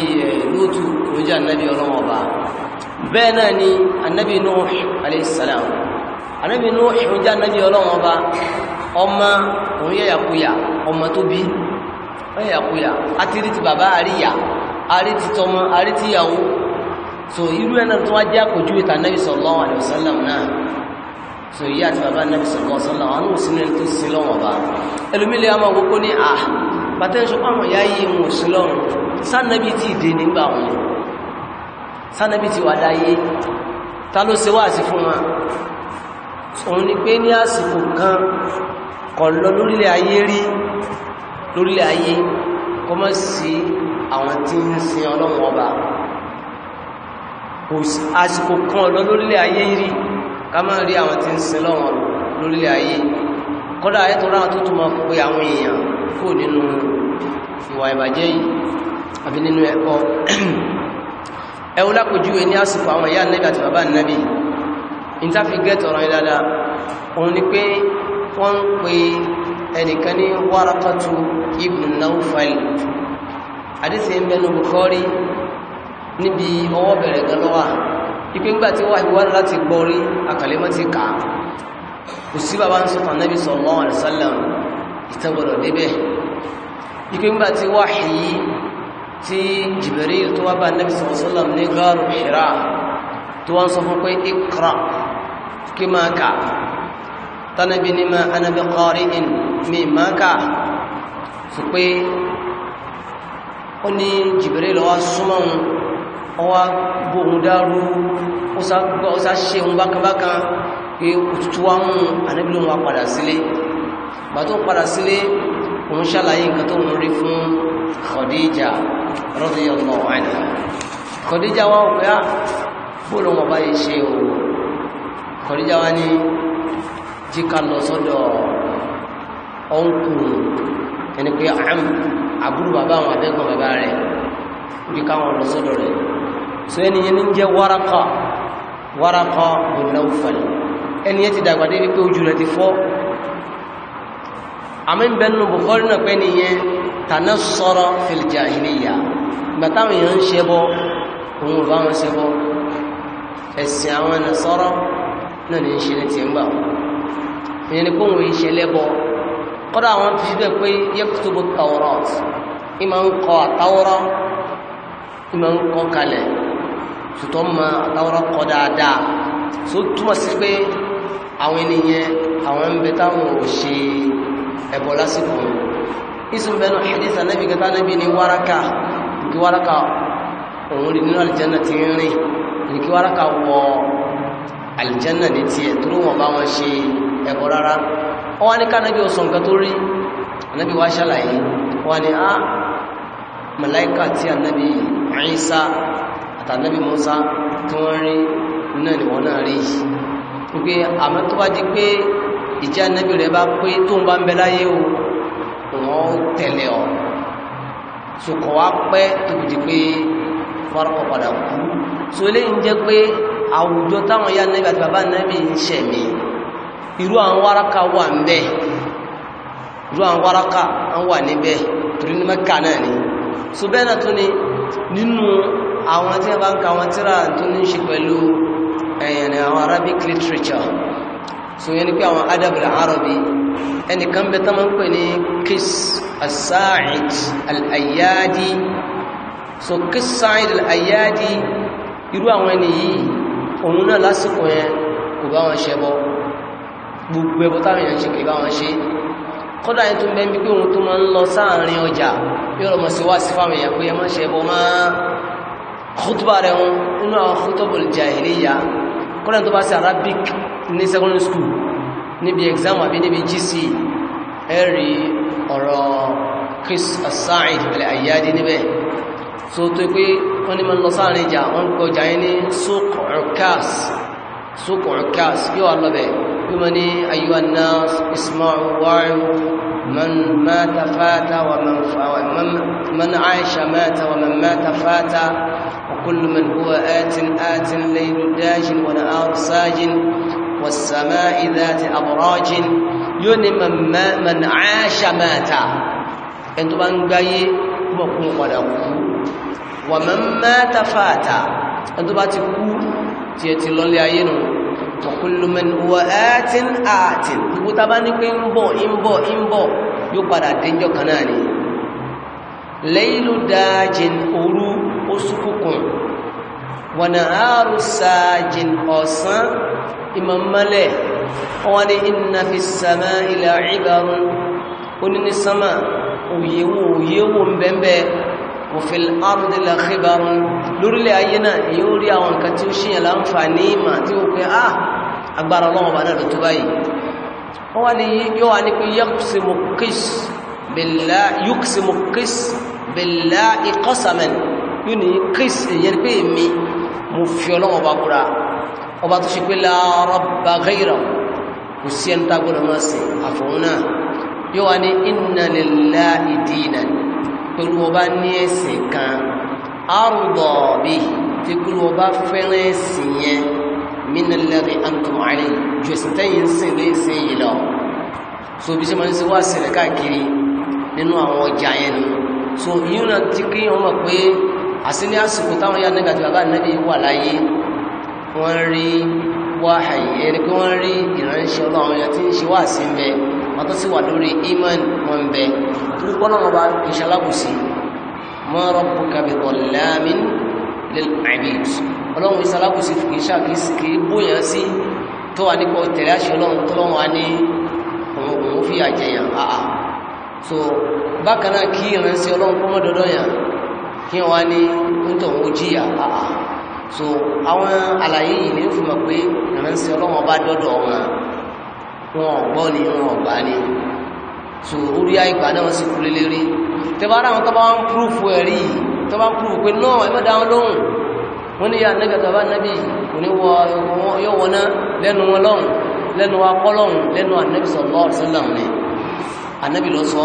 lóòtù kò jẹ́ anabi ọlọ́run ọba bẹ́ẹ̀ náà ni anabi Nuh aleyhisselam anabi Nuh kò jẹ́ anabi ọlọ́run ọba ọmọ òun yẹ yàkúyà ọmọ tó bí wọ́n yàkúyà àtìrí ti bàbá àríyà àrí ti tọmọ àrí ti yàwó so irú ẹ̀nà tó wá jẹ́ àpòjú ìtànẹ́bì sallallahu so ìyá àti bàbá nẹ́bí sọ̀rọ̀ sọ́lá àwọn òsì ní tó sin lọ́wọ́n bá ẹlòmílẹ̀ àmọ́ gbogbo ní à pàtẹ́ṣọ́ pàmọ̀ ìyá yìí wọn òsì lọ́run sánẹ́bí tí ìdè nígbà wọn sánẹ́bí ti wà dáyé ta ló ṣe wáàsí fún wa òun ni pé ní àsìkò kan kọ̀ lọ lórílẹ̀ ayé rí lórílẹ̀ ayé kọ́ mọ́ sí àwọn tí ń sin ọlọ́wọ́n ọba àsìkò kan lọ lórílẹ̀ ayé rí Kama má rí àwọn tí ń sin lọ́wọ́ lórílẹ̀ ayé kódà ètò ráhùn tó túnmọ̀ pé àwọn èèyàn kò nínú ìwà ìbàjẹ́ yìí àbí nínú ẹ̀kọ́ ẹwú lápòjúwe ní àsìkò àwọn ìyá nẹ́bí àti bàbá nẹ́bí ìtàfi gẹ́ẹ̀tì ọ̀rọ̀ ìdádá òun ni pé wọ́n ń pe ẹnìkan ní wárakọ́tù ibn Nawfal àdísì ń bẹnu Bukhari níbi ọwọ́ bẹ̀rẹ̀ gan ipe ńgbà tí wà ìwà láti gbọ́ rí àkàlẹ́mọ́ ti kà á kò sí bàbá ń sọkàn Nabi sallallahu alaihi wasallam ìtẹ́gbọ̀dọ̀ débẹ̀ ipe ńgbà tí wà yìí tí Jibril tó wá bá Nabi sallallahu alaihi wasallam ní gáàrù Hira tó wá ń sọ fún pé iqra kí máa kà tánàbí ní ma ana bi qari'in mi máa kà sọ pé ó ní Jibril lọ́wọ́ súnmọ́ ọwá gbóhun dárú ó sá ṣe ohun bákanbákan pé òtútù wá mú ànábìlú wa padà sílé gbà tó padà sílé òun ṣàlàyé nǹkan tó ń rí fún Khadija radiyallahu anha Khadija wá wọ́n pé ah, á bóòlù wọn bá yìí ṣe òun Khadija wá ní jíkà lọ sọ́dọ̀ ọ̀nkùnrin ẹni pé bàbá àwọn abẹ́gbọ̀n bàbá rẹ̀ jíkà wọn lọ sọ́dọ̀ rẹ̀ so ẹni yẹn ní jẹ́ wárakọ̀ wárakọ̀ ìnáwófàlì ẹni yẹn ti dàgbà dé wípé ojú rẹ̀ ti fọ́ àmì bẹnu Bukhari náà pé ni yẹn tàná sọ̀rọ̀ fìlìjàhìlìyà ìgbà táwọn èèyàn ń ṣe bọ́ òun bá wọn ṣe bọ́ ẹ̀sìn àwọn ẹ̀nà sọ̀rọ̀ náà ní ṣe ní tiẹ̀ ń ni kóhùn ìṣẹ̀lẹ̀ bọ́ kọ́dọ̀ àwọn ti ṣe pé yẹ́kùtùbù tàwọ̀rọ̀ ìmọ̀ ń kọ àtàwọ̀rọ̀ ìmọ̀ ń kọ kalẹ̀ sòtọ́ ma àtàwọn kọ dáadáa so túmọ̀ sí pé àwọn ènìyàn àwọn ń bẹ táwọn ò ṣe ẹ̀bọ lásìkò ìsùn bẹnu hadith anábì kẹta anábì ní wáraka kí wáraka òun rí nínú alìjánà ti ń rìn ní kí wáraka wọ alìjánà ní tiẹ̀ dúró wọn bá wọn ṣe ẹ̀bọ rárá wọn wá ní kánábì ọ̀sán nǹkan tó rí anábì wá ṣàlàyé wọn ni a ah, màláìkà tí anábì Ìsá tànàbí Musa tó ń rí náà ni wọ́n náà rí wípé àmọ́ tó bá di pé ìjẹ́ ànábì rẹ̀ bá pé tó ń bá ń bẹ láyé o wọ́n tẹ̀lé ọ sùkọ̀ wá pẹ́ tóbi di pé fọ́rọ̀kọ̀ padà kú so eléyìí ń jẹ́ pé àwùjọ táwọn ya ànábì àti bàbá ànábì ń ṣẹ̀mí irú àwọn wáraka wà ń bẹ irú àwọn wáraka wà níbẹ̀ torí ní Mẹ́kà náà ni so bẹ́ẹ̀ náà tó ni nínú àwọn tí wọ́n bá ń ka àwọn tíra tó ní ṣe pẹ̀lú ẹ̀yàn àwọn arabic literature so yẹn ni pé àwọn adabul arabi ẹnìkan bẹ tán máa ń ní kis asa'id al so kis sa'id al-ayyadi irú àwọn ẹni yìí òun náà lásìkò yẹn kò bá wọn ṣẹbọ gbogbo ẹbọ táwọn èèyàn ṣe kì í bá wọn ṣe kọ́dà yìí tó ń bẹ́ẹ̀ bí pé òun tó máa ń lọ sáàrin ọjà yóò mọ̀ sí wá sí fáwọn èèyàn pé ẹ má ṣẹbọ máa khutba rẹ̀ ń inú àwọn khutbul jahiliya kọ́nà tó bá sí arabic ní secondary school níbi exam àbí níbi gc ẹ̀rí ọ̀rọ̀ chris asaid ilẹ̀ ayyadi níbẹ̀ so tó pé wọ́n ni ma lọ sáàrin ìjà wọ́n kọjá yẹn ní sókòrò cas yóò wà lọ́bẹ̀ẹ́ يمني أيها الناس اسمعوا واعوا من مات فات ومن ف... من من عاش مات ومن مات فات وكل من هو آت آت ليل داج ونهار ساج والسماء ذات أبراج يوني من, ما من عاش مات أنتم أنقاي بكم قدقوا ومن مات فات أنتم باتكوا تيتي لولي عينهم tọkùnlùmẹ́n wọ ẹ́tìn àtìn gbogbo ta bá ní pé ń bọ̀ ń bọ̀ ń bọ̀ yóò padà dénjọ́ kan náà ni lẹ́yìnlú dájìn òru oṣùkùnkùn wọ̀nà àárù sáàjìn ọ̀sán ìmọ̀mọ́lẹ̀ wọ́n ni iná sàmà ilẹ̀ ìgbàrún onínísánmà òyèwò òyèwò mbẹ̀mbẹ̀ òfin arúdílà kíbarun lórílẹ̀ ayé náà èyí ó rí àwọn nǹkan tí ó ṣíyàn láǹfààní mà tí ó pé ah agbára ọlọ́run bá náà ló tó báyìí wọ́n wá ní yóò wá ní pé yọ́kùsìmùkìs bèlá ìkọ́sàmẹ́n yóò ní kìs èyàn pé èmi mo fi pẹ̀lú ọba ní ẹ̀sìn kan arùdọ̀ bí tí pẹ̀lú ọba fẹ́ràn ẹ̀sìn yẹn mínàlẹ́rì antomari ju ẹ̀sìn tẹ́yìn sìn lé sìn yìí lọ so bí ṣe máa ń ṣe wá sílẹ̀ káàkiri nínú àwọn ọjà yẹn nu so yìí náà ti kí wọn mọ̀ pé àti ní àsìkò táwọn yá nígbàtí bàbá nẹ́bí wà láyé wọ́n rí wáhàyí ẹni pé rí ìránṣẹ́ ọlọ́run yẹn tí ń ṣe wá sí mẹ́ wọn tó sì wà lórí iman wọn bẹ tó kọ́nà wọn bá ìṣalábùsì mọ́ rabbuka bi dhallamin lil abid ọlọ́run ìṣalábùsì kì í ṣàkíyèsí kì í bóyá sí tó wà nípa tẹ̀lé àṣẹ ọlọ́run tó lọ́wọ́ wa òun fi àjẹyàn àà so bákan náà kí ìrìnsẹ̀ ọlọ́run kọ́mọ́ dọ́dọ́ yàn kí wọ́n ní nítorí ó jíyà àà so àwọn àlàyé yìí ní fún mọ̀ pé ìrìnsẹ̀ ọlọ́run ọba dọ́dọ̀ wọn wọn ọ̀gbọ́ ni wọn ọ̀gbá ni so orí àìgbà náà sì kú lélẹ́rí tẹbára àwọn tọba ń prúfù ẹ̀rí tọba ń prúfù pé náà ẹgbẹ́dá wọn lóhùn wọ́n ní ya nẹ́gbẹ̀ tọba nẹ́bí kò ní yọ́wọ́ná lẹ́nu wọn lọ́hùn lẹ́nu akọ́lọ́hùn lẹ́nu ànẹ́bí sallallahu alaihi wasallam ni ànẹ́bí lọ sọ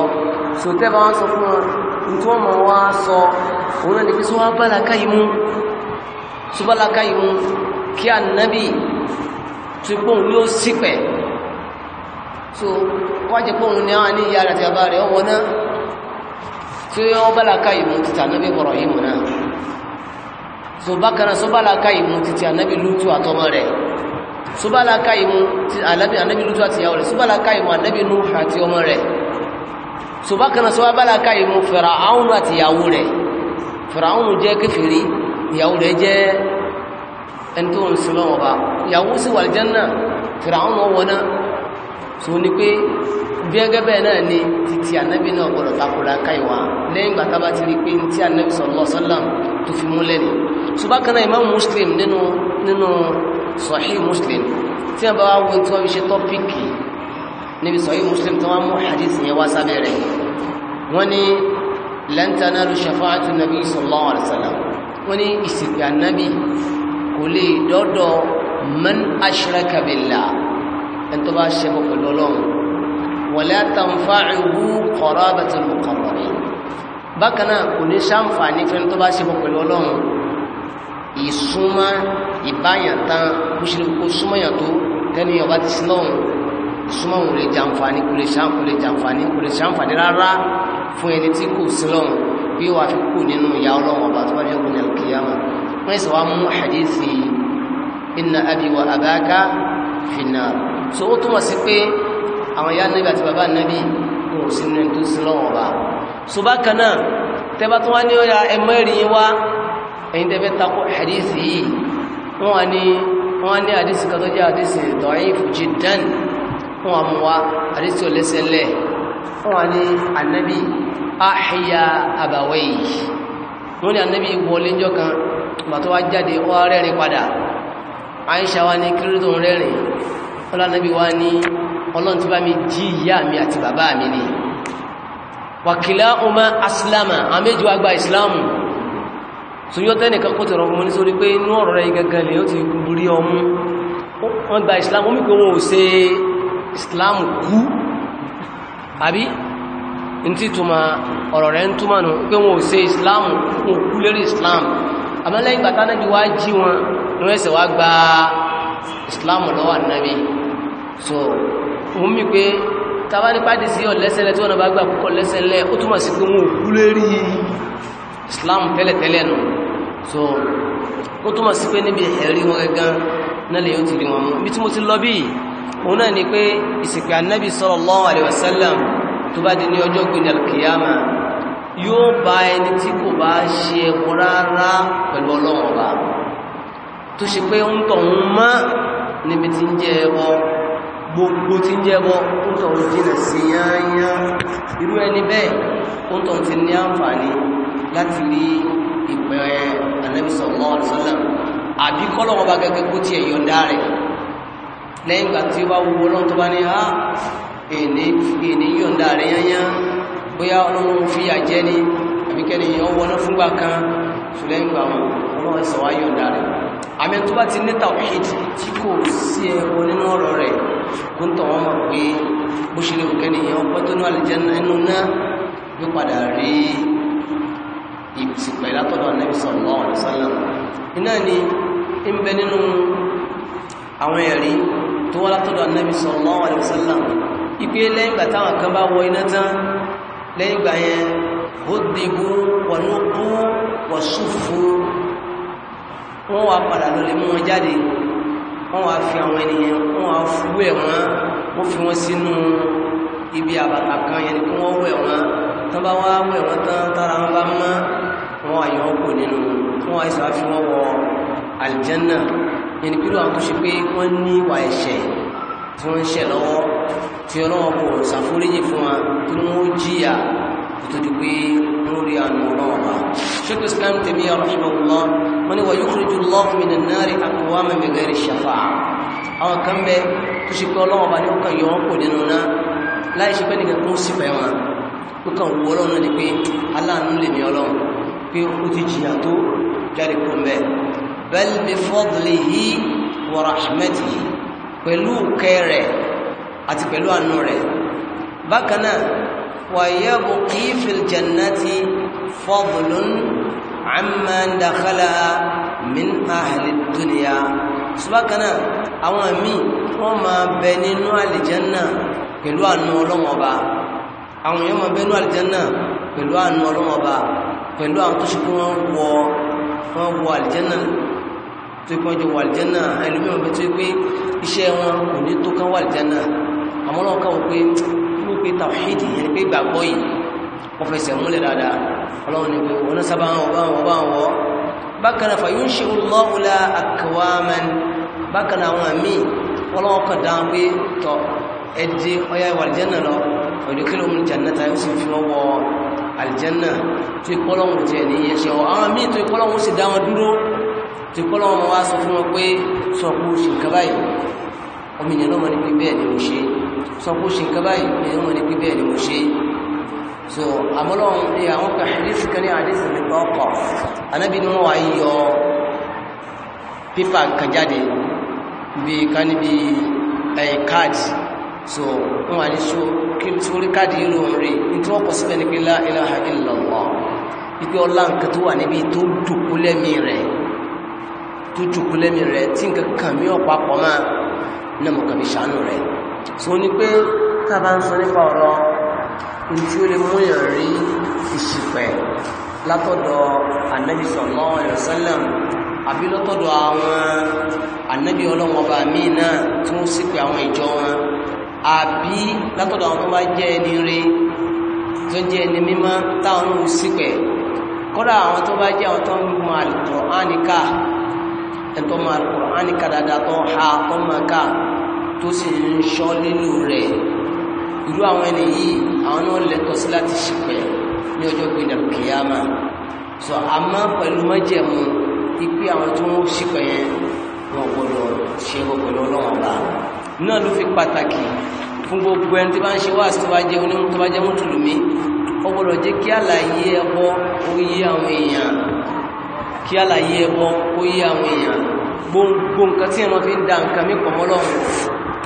so tẹ́bà wọn sọ fún wọn tí wọ́n mọ̀ wá sọ òun náà ní fi súnmọ́ bálaka yìí mú súnmọ́ yìí mú kí ànẹ́bí tó yóò sípẹ̀ so wájẹ́ pé òun ni àwọn ní ìyá rẹ̀ àti bàbá rẹ̀ ọwọ́ náà tí wọ́n bá làkà ìmú títà náà bí kọ̀rọ̀ yìí mọ̀ náà so bákanáà so bá làkà ìmú títà náà lútù àtọmọ rẹ̀ so bá làkà ìmú ànábì lútù àti ìyàwó rẹ̀ so bá làkà ìmú ànábì nú àti ọmọ rẹ̀ so bákanáà so bá làkà ìmú Fáráò àti ìyàwó rẹ̀ so ni pé bí ẹgẹ́ bẹ́ẹ̀ náà ni títí ànábì náà gbọ́dọ̀ takòrà káìwá lẹ́yìn gbà tábà ti rí pé ní tí ànábì sallallahu alaihi wasallam tó fi múlẹ̀ ni so bákan náà imam muslim nínú nínú sahih muslim tí wọ́n bá wá wo tí wọ́n fi ṣe tọ́pìkì níbi sahih muslim tí wọ́n mú hadith yẹn wá sábẹ́ rẹ̀ wọ́n ní lan tanalu shafa'atu nabi sallallahu alaihi wasallam wọ́n ní ìsìnkú ànábì kò lè dọ́dọ̀ man ashraka billah ẹni tó bá ṣẹbọ pẹ̀lú ọlọ́run wala tanfa'uhu qarabatul muqarrabin bákan náà kò ní ṣàǹfààní fẹ́ni tó bá ṣẹbọ pẹ̀lú ọlọ́run ìsúnmọ́ ìbáyàntán kó ṣe kó súnmọ́yàn tó tẹ́ni ọba ti sí lọ́run ìsúnmọ́ òun lè jàǹfààní kò lè ṣàǹfààní kò lè ṣàǹfààní rárá fún ẹni tí kò sí lọ́run abi wa abaka finnar so ó túmọ̀ sí pé àwọn ìyá nẹ́bí àti bàbá nẹ́bí wọn ò sí nínú tó sí lọ́wọ́ ọba so bákan náà tẹ́bá tó wá ní ọ̀yà ẹmọ́ ìrìn wá ẹ̀yìn tẹ́bẹ́ takò hadisi yìí wọ́n wá ní wọ́n wá ní hadisi kan tó jẹ́ hadisi da'ifu jiddan wọ́n wá mú wá hadisi olẹ́sẹ̀lẹ̀ wọ́n wá ní anabi ahya abawayhi wọ́n ní anabi wọlé njọ́ kan gbàtọ́ wá jáde wọ́n rẹ́rìn padà Aisha wá ní kírídùn rẹ́rìn ọlọ́nàbí wá ní ọlọ́n ti bá mi jí ìyá mi àti bàbá mi ní wàkìlá ọmọ asìlámà àmẹ́jọ àgbà ìsìlámù tó yọ́ tẹ́nìkan kó tẹ̀rọ ọmọ nítorí pé inú ọ̀rọ̀ rẹ̀ gẹ́gẹ́ lè ó ti rí ọmú wọ́n gba ìsìlámù mú pé wọ́n ò ṣe ìsìlámù kú àbí ní títúmà ọ̀rọ̀ rẹ̀ ń túmà islam lọ́wọ́ ànábì so mú mi pé tabanípàdé sí ọ̀lẹ́sẹ̀lẹ̀ tí wọ́n bá gbà púpọ̀ lẹ́sẹ̀lẹ̀ ó túnmọ̀ sí pé wọ́n kú lérí islam tẹ́lẹ̀tẹ́lẹ̀ nù so ó túnmọ̀ sí pé níbi ẹ̀rí wọn gangan náà lè yóò ti rí wọn mú ibi tí mo ti lọ bí òun náà ni pé ìsìnkú ànábì sallallahu alaihi wasallam tó bá di ní ọjọ́ gbìyànjú alkiyama yóò bá ẹni tí kò bá ṣe rárá pẹ̀lú ọlọ́run tó ṣe pé ń tọ̀ ń mọ́ níbi tí ń jẹ ẹbọ gbogbo tí ń jẹ ẹbọ ń tọ̀ ń jìnà sí yányá irú ẹni bẹ́ẹ̀ ó ń tọ̀ ti ní àǹfààní láti rí ìpẹ́ Ànábì sallallahu alaihi wasallam àbí kọ́lọ́wọ́ bá gẹ́gẹ́ kó tiẹ̀ yọ̀ǹda rẹ̀ lẹ́yìn ìgbà tí ó wo ọlọ́run tó bá ní á ah, èní yọ̀ǹda rẹ̀ yányá bóyá ọlọ́run fi àjẹ́ ni àbíkẹ́ni ọwọ́ náà kan ṣùlẹ́yìn ìgbà wọn ọlọ́run sọ wá yọ̀ǹda rẹ̀ àmì tó bá ti ní tawhid tí kò sí ẹ̀rọ nínú ọ̀rọ̀ rẹ̀ kó ń tọ̀wọ́n mọ̀ pé bó ṣe lè wù kẹ́nìyàn ọpẹ́ tó ní àlìjẹ́nà inú náà ló padà rí ìsìnkú ni ń bẹ nínú àwọn ẹ̀rí tó wá látọ̀dọ̀ Ànábì sallallahu alaihi wasallam ìpé lẹ́yìn ìgbà táwọn kan bá wọ yẹn ó dìbò wọnú kú wọ́sùn wọ́n wá padà lọlé mú wọn jáde wọ́n wá fi àwọn ènìyàn wọ́n wá fúwẹ̀ wọn wọ́n fi wọn sínú ibi àbàkà kan yẹn kí wọ́n wẹ̀ wọn tán bá wá wẹ̀ wọn tán tára wọn bá mọ́ wọn wá yọ kò nínú wọn wá ìsọ̀ àfi wọn wọ àlìjánà yẹn kí ló wà tó ṣe pé wọ́n ní ìwà ẹ̀ṣẹ̀ tí wọ́n ń ṣẹ̀ lọ́wọ́ tí ọlọ́wọ́ kò ṣàforíjì fún wa tí wọ́n jìyà nítorí pé lórí àánú ọlọ́ọ̀bá ṣékù islam tèmi rahimahullah wọn ni wà yukhrijullahu minan nari aqwaman bighairi shafa'a àwọn kan bẹ tó ṣe pé ọlọ́ọ̀bá ní kàn yọ wọn kò nínú náà láì ṣe pé nìkan tó sì fẹ́ wọn ó kàn wọ ọlọ́run náà ni pé aláàánú lè ní ọlọ́run pé ó ti jìyà tó jáde kó mbẹ bal bi fadlihi wa rahmatihi pẹ̀lú kẹrẹ̀ àti pẹ̀lú àánú rẹ̀ bákan náà ويبقي في الجنة فضل عمن دخلها من أهل الدنيا سبحانه àwọn míì wọ́n máa bẹ nínú àlìjánà pẹ̀lú àánú ọlọ́mọba àwọn èèyàn máa bẹ nínú àlìjánà pẹ̀lú àánú ọlọ́mọba pẹ̀lú àwọn tó ṣe pé wọ́n wọ wọ́n wọ àlìjánà tó kọ́ jọ wọ àlìjánà ẹlòmíràn bẹ tó pé iṣẹ́ wọn kò ní tó kán wọ àlìjánà dúró pé tàwíìdì yẹn pé gbàgbọ́ yìí wọ́n fẹsẹ̀ múlẹ̀ dáadáa ọlọ́run ní pé wọ́n sábà ń wọ́n wọ́n bá wọ́ bákan náà fàyún ṣe lọ́wọ́lá àkàwáman bákan náà àwọn míì wọ́n lọ́wọ́ kan dáhùn pé tọ́ ẹdí ọya ìwàlìjẹ́nà lọ ọ̀dọ́kílò mú jannata yóò sì fi wọ́n wọ àlìjẹ́nà ní iye ṣe ọ àwọn ṣe nǹkan sọ kó ṣe nǹkan báyìí ẹ̀yìn wọn ni pé bẹ́ẹ̀ ni mo ṣe so àmọ́lọ́run ní àwọn kan hadith kan ní hadith ní ọkọ̀ anábì ni wọ́n wá yọ pépà kan jáde bí kan níbi ẹ̀yìn káàdì so wọ́n wá ní sórí káàdì yìí lóun rí nítorí wọ́n kọ síbẹ̀ ní pé la ilaha illallah ipe ọlá nǹkan tó wà níbi tó dùkú lẹ́mí rẹ̀ tó dùkú lẹ́mí rẹ̀ tí nǹkan kàn mí ọ̀pá pọ̀ máa náà mọ̀ kàn ṣàánú rẹ̀ so ní pé tàbá ń sọ nípa ọ̀rọ̀ ní tí ó lè mú èèyàn rí ìṣìpẹ̀ látọ̀dọ̀ sallallahu alaihi wasallam Abi lọ́tọ̀dọ̀ àwọn ànábì ọlọ́wọ́n ọba míì náà tí wọ́n sì pé àwọn ìjọ wọn àbí látọ̀dọ̀ àwọn tó bá jẹ́ ẹni rí tó jẹ́ ẹni mímọ́ táwọn ò sì pé kọ́dà àwọn tó bá jẹ́ àwọn tó ń mọ Al-Qur'ani ẹ̀tọ́ mọ Al-Qur'ani dáadáa tó ha tó mọ ká tó sì ń ṣọ́ nínú rẹ̀ irú àwọn ẹni yìí àwọn náà lẹ́tọ̀ọ́ sí láti ṣìpẹ̀ ní ọjọ́ gbẹ̀dẹ̀ kìyàmà sọ àmọ́ pẹ̀lú májẹ̀mú ipe àwọn tó ń ṣìpẹ̀ yẹn wọn gbọdọ̀ ṣe pẹ̀lú ọlọ́wọ́n ọba náà ló fi pàtàkì fún gbogbo ẹni tí bá ń ṣe wáàsí tó bá jẹ́ onímú tó bá jẹ́ mùtùlùmí ó gbọdọ̀ jẹ́ kí àlàyé ẹbọ ó yé àwọn èèyàn kí àlàyé ẹbọ ó yé àwọn èèyàn gbogbo nǹkan tí ẹ̀rọ fi ń da nǹkan mí pọ̀ mọ́lọ́run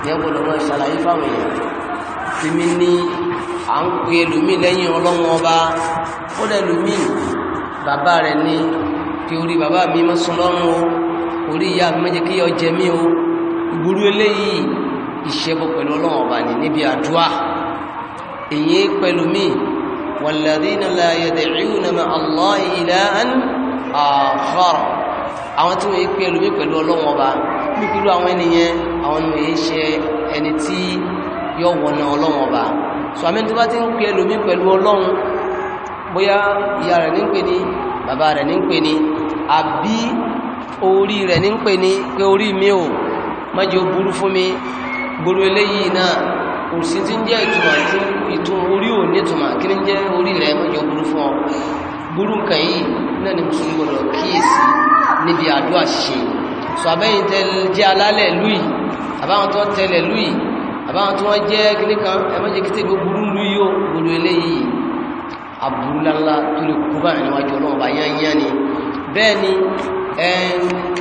yẹn gbọ́dọ̀ mọ́ ìṣàlàyé fáwọn èèyàn tí mi ní à ń pe ẹlòmíì lẹ́yìn ọlọ́run ọba ó dẹ̀ lòmíì bàbá rẹ̀ ní kí orí bàbá mi mọ́ sun lọ́rùn o orí ìyá mi méje kí ọjẹ́ mi o ìgbúrú eléyìí ìṣẹ́bọ̀ pẹ̀lú ọlọ́run ọba ní níbi àdúrà èyí pẹ̀lòmíì walladhina àwọn ènìyàn àwọn ni èyí ṣe ẹni tí yọ wọ̀nà ọlọ́run ọba so àmì tó bá ti ń pè ẹlòmí pẹ̀lú ọlọ́run bóyá ìyá rẹ̀ ní ń pè ní bàbá rẹ̀ ní ń pè ní àbí orí rẹ̀ ní ń pè ní pé orí mi ò mọ́jọ burú fún mi gbòrò eléyìí náà kò sí ti ń jẹ́ ìtumọ̀ tí ìtum orí ò ní ìtumọ̀ kí ní jẹ́ orí rẹ̀ mọ́jọ burú fún ọ burú nǹkan yìí náà ni mùsùlùmí gbọdọ̀ kíyèsí níbi àdúrà ṣe so àbẹ́yìn tẹ́ jẹ́ alálẹ̀ lùyìí àbáwọn tó tẹlẹ̀ lùyì àbáwọn tó wọ́n jẹ́ kíní kan ẹmọ́jẹ́ kí tẹ́gbẹ́ burú lùyì ó gbogbo eléyìí àbúrúláńlá tó lè kú báyìí níwájú ọlọ́run bá yán yán ni bẹ́ẹ̀ ni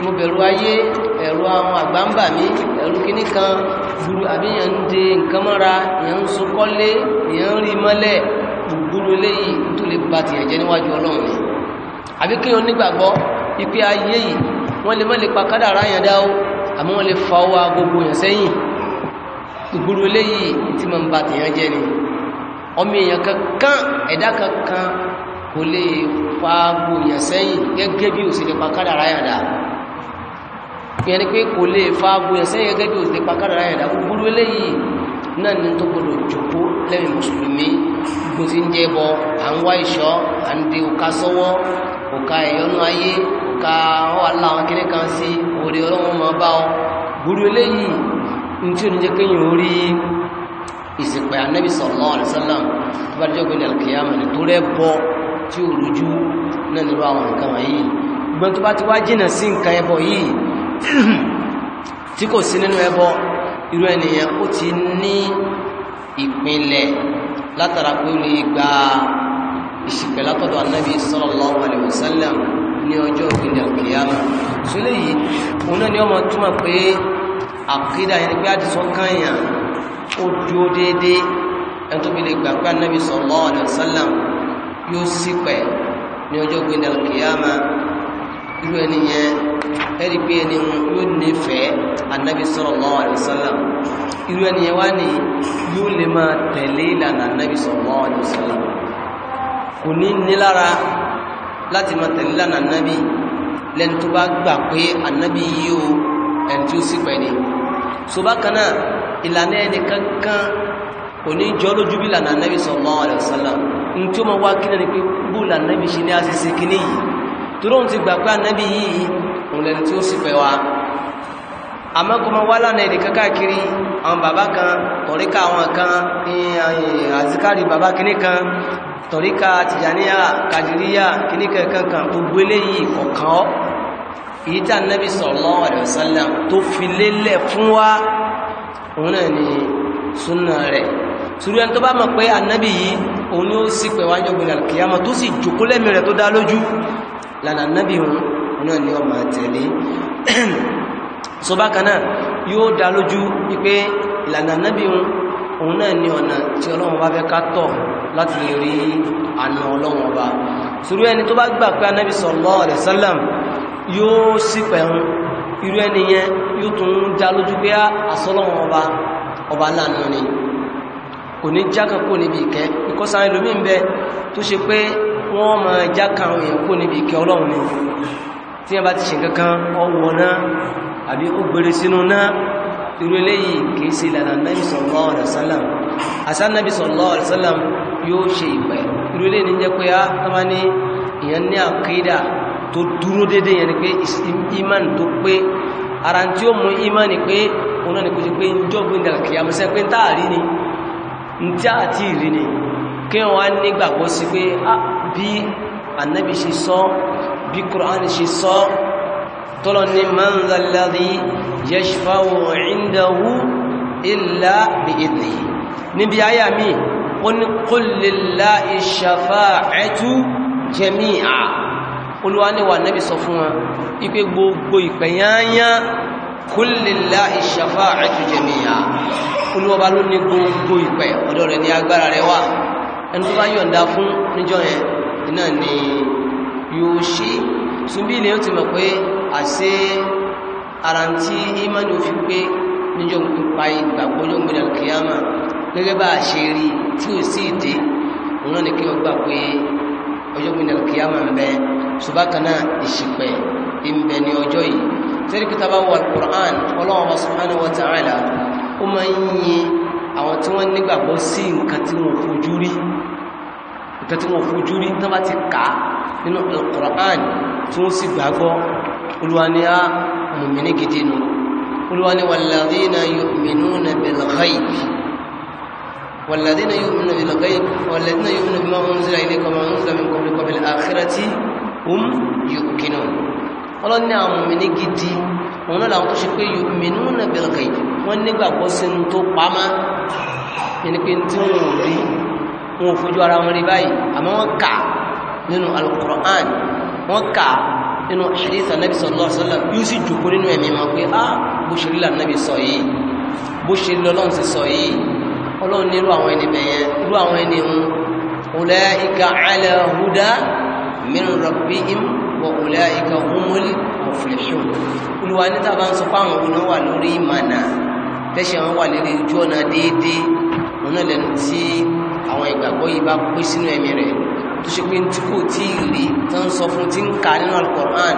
mo bẹ̀rù ayé ẹ̀rù àwọn àgbàǹbà mi ẹ̀rù kíní kan burú àbíyàn ń de nǹkan mọ́ra èèyàn ń sunkọ́lé èèyàn ń rí mọ́lẹ̀ gbogbo eléyìí tó lè ba tìyàn jẹ́ níwájú ọlọ́run ni àbí kí wọn nígbàgbọ́ ipe ayé yìí wọ́n lè mọ́ lè pa kádàrá yẹn dá o àmọ́ wọ́n lè fa ọwọ́ agogo yẹn sẹ́yìn ìgboro eléyìí tí ma ń ba tèèyàn jẹ́ ni ọmọ èèyàn kankan ẹ̀dá kankan kò lè fa agogo yẹn sẹ́yìn gẹ́gẹ́ bí òsèlè pa kádàrá yẹn dà ìyẹn ni pé kò lè fa agogo yẹn sẹ́yìn gẹ́gẹ́ bí òsèlè pa kádàrá yẹn dà ìgboro eléyìí náà ní tó gbọdọ̀ jòkó lẹ́yìn mùsùlùmí gbogbo ń jẹ́ bọ à ń wá ìṣọ́ à ń de òka sọ́wọ́ òka ẹ̀yọ́nú ayé ka wà láwọn kìnnì kan sí òde ọlọ́run mọ́ bá ọ gbúrú eléyìí ní tí ó ní jẹ́ kéyìn orí ìsìnkú anábì sallallahu alaihi wasallam tó bá jẹ́ gbẹ̀lẹ̀ alkiyama ní tó rẹ̀ bọ́ tí ó rújú náà nílò àwọn nǹkan wọ̀nyí gbọ́n tó bá ti wá jìnà sí nǹkan ẹbọ yìí tí kò sí nínú látara pé ó lè gba ìsìnkú látọ̀dọ̀ sallallahu alaihi wasallam ní ọjọ́ ìpínlẹ̀ kìyàmà tó lè yìí òun náà ni ọmọ túmọ̀ pé àkídà yẹn pé àdìsọ́ káyà ó dúó déédéé ẹni lè gbà pé anábì sallallahu alaihi wasallam yóò sì pẹ̀ ní ọjọ́ ìpínlẹ̀ kìyàmà irú ẹni yẹn ẹni pé ẹni sallallahu alaihi wasallam irú ẹni yẹn wá ní yóò lè sallallahu alaihi wasallam kò ní nílára láti máa tẹ̀lé lánàá nábì lẹ́ni tó bá gbà pé ànábì yìí o ẹni tí ó sì pẹ̀ ni so bákan ìlànà ẹni kankan kò ní jọ lójú bí lànà ànábì sallallahu alaihi wasallam ní tí ó máa wá kí náà ni pé bó lànà ànábì ṣe ní àṣìṣe kíní yìí torí òun ti gbà pé ànábì yìí òun lẹ́ni tí ó sì pẹ̀ àmọ́ kò máa wá lànà ẹni kankan kiri àwọn bàbá kan tọ̀ríkà àwọn kan eh, àzíkárì bàbá kíní kan tọ̀ríká tìjàníyà kàdìríyà kìníkẹ̀ kankan gbogbo eléyìí kọ̀kan ọ́ èyí tí Ànábì sallallahu alaihi wasallam tó fi lélẹ̀ fún wa òun náà ni súnà rẹ̀ sùúrù ẹni tó bá mọ̀ pé Ànábì yìí òun ni ó sì pẹ̀ wájú ọgbìn alkiyama tó sì jòkó lẹ́mí ni ọmọ so bákan náà yóò dá lójú wípé lànà Ànábì òun náà ni ọ̀nà tí ọlọ́run bá fẹ́ ká tọ̀ láti lè rí àna ọlọ́run ọba sùúrù ẹni tó bá gbà pé anábì sallallahu alaihi wasallam yóò sì pẹ̀rún irú ẹni yẹn yóò tún já lójú pé ah, àsọlọ́run ọba ọba lánàá ni kò ní jákàn kó níbi ìkẹ́ ìkọ́sà ẹlòmí ń bẹ tó ṣe pé ni tí wọ́n bá ti ṣe kankan ọwọ́ náà àbí irú eléyìí kìí ṣe ìlànà nàbì sallallahu alaihi wasallam àṣà nàbì sallallahu alaihi wasallam yóò ṣe ìpẹ́ irú eléyìí ní jẹ́ pé ah, á tọ́mà ní ìyẹn ní àkídà tó dúró dédé yẹn ni pé iman tó pé ara tí ó mú iman ni pé òun náà ni kò ṣe pé njọ́ gbóndà kìí àmúṣẹ́ pé tá àrí ni ntí àti ni kí wọ́n á nígbàgbọ́ sí pé ah, bí ànábì ṣe sọ bí Kùránì ṣe sọ tọ́lọ ní man zalladhi yashfa'u indahu illa bi'idhnihi níbi ayà mi ó ní qul lillahi shafa'atu jami'a olúwa ní wà nábi sọ fún wa ipé gbogbo ìpẹ̀yányá qul lillahi shafa'atu jami'a olúwa bá ló ní gbogbo ìpẹ̀ ọ̀dọ̀ rẹ̀ ní agbára rẹ̀ wà ẹni tó bá yọ̀ǹda fún níjọ́ yẹn náà ni yóò ṣe ṣùgbí ilẹ̀ yóò ti mọ̀ pé àṣẹ ara tí imanu fi pé níjọ́ pípa ìgbàgbọ́ ló ń gbẹ̀dẹ̀ kìyàmà gẹ́gẹ́ bá a ṣe rí tí ò sí ìdí òun náà ni kí wọ́n gbà pé ọjọ́ gbẹ̀dẹ̀ kìyàmà ń bẹ ṣùgbọ́n ìṣìpẹ̀ ń bẹ ní ọjọ́ yìí tẹ́lẹ̀ nǹkan tí wọ́n fojú rí tán bá ti kà nínú Al-Qur'an tí wọ́n sì gbàgbọ́ Olúwa ní ah, á gidi nù Olúwa ní walladhina yu'minuna bil-ghayb والذين يؤمنون بالغيب والذين يؤمنون بما أنزل إليك وما أنزل من قبلك وبالآخرة يؤمنون ọlọ́run ní àwọn ah, òmìnir gidi wọn náà làwọn tó ṣe pé yu'minuna bil ghaib wọn fojú ara wọn rí báyìí àmọ́ wọ́n kà nínú alukur'an wọ́n kà nínú haditha nabi sallallahu alaihi wasallam yóò sì jòkó nínú ẹ̀mí wọn pé ah bó ṣe lílà nabi sọ yìí bó ṣe lílọ lọ́n ti sọ yìí ọlọ́run ní irú àwọn ẹni bẹ̀yẹn irú àwọn ẹni hun ulaika ala huda min rabbihim wa ulaika humul muflihun olùwà níta bá ń sọ fáwọn olùwà wà lórí ìmànà tẹ́sẹ̀ wọn wà lórí ojú ọ̀nà déédéé òun lẹ́nu tí àwọn ìgbàgbọ́ yìí bá pé sínú ẹ̀mí rẹ̀ tó ṣe pé tí kò tí ì rí tó ń sọ fún tí ń ka nínú alukoran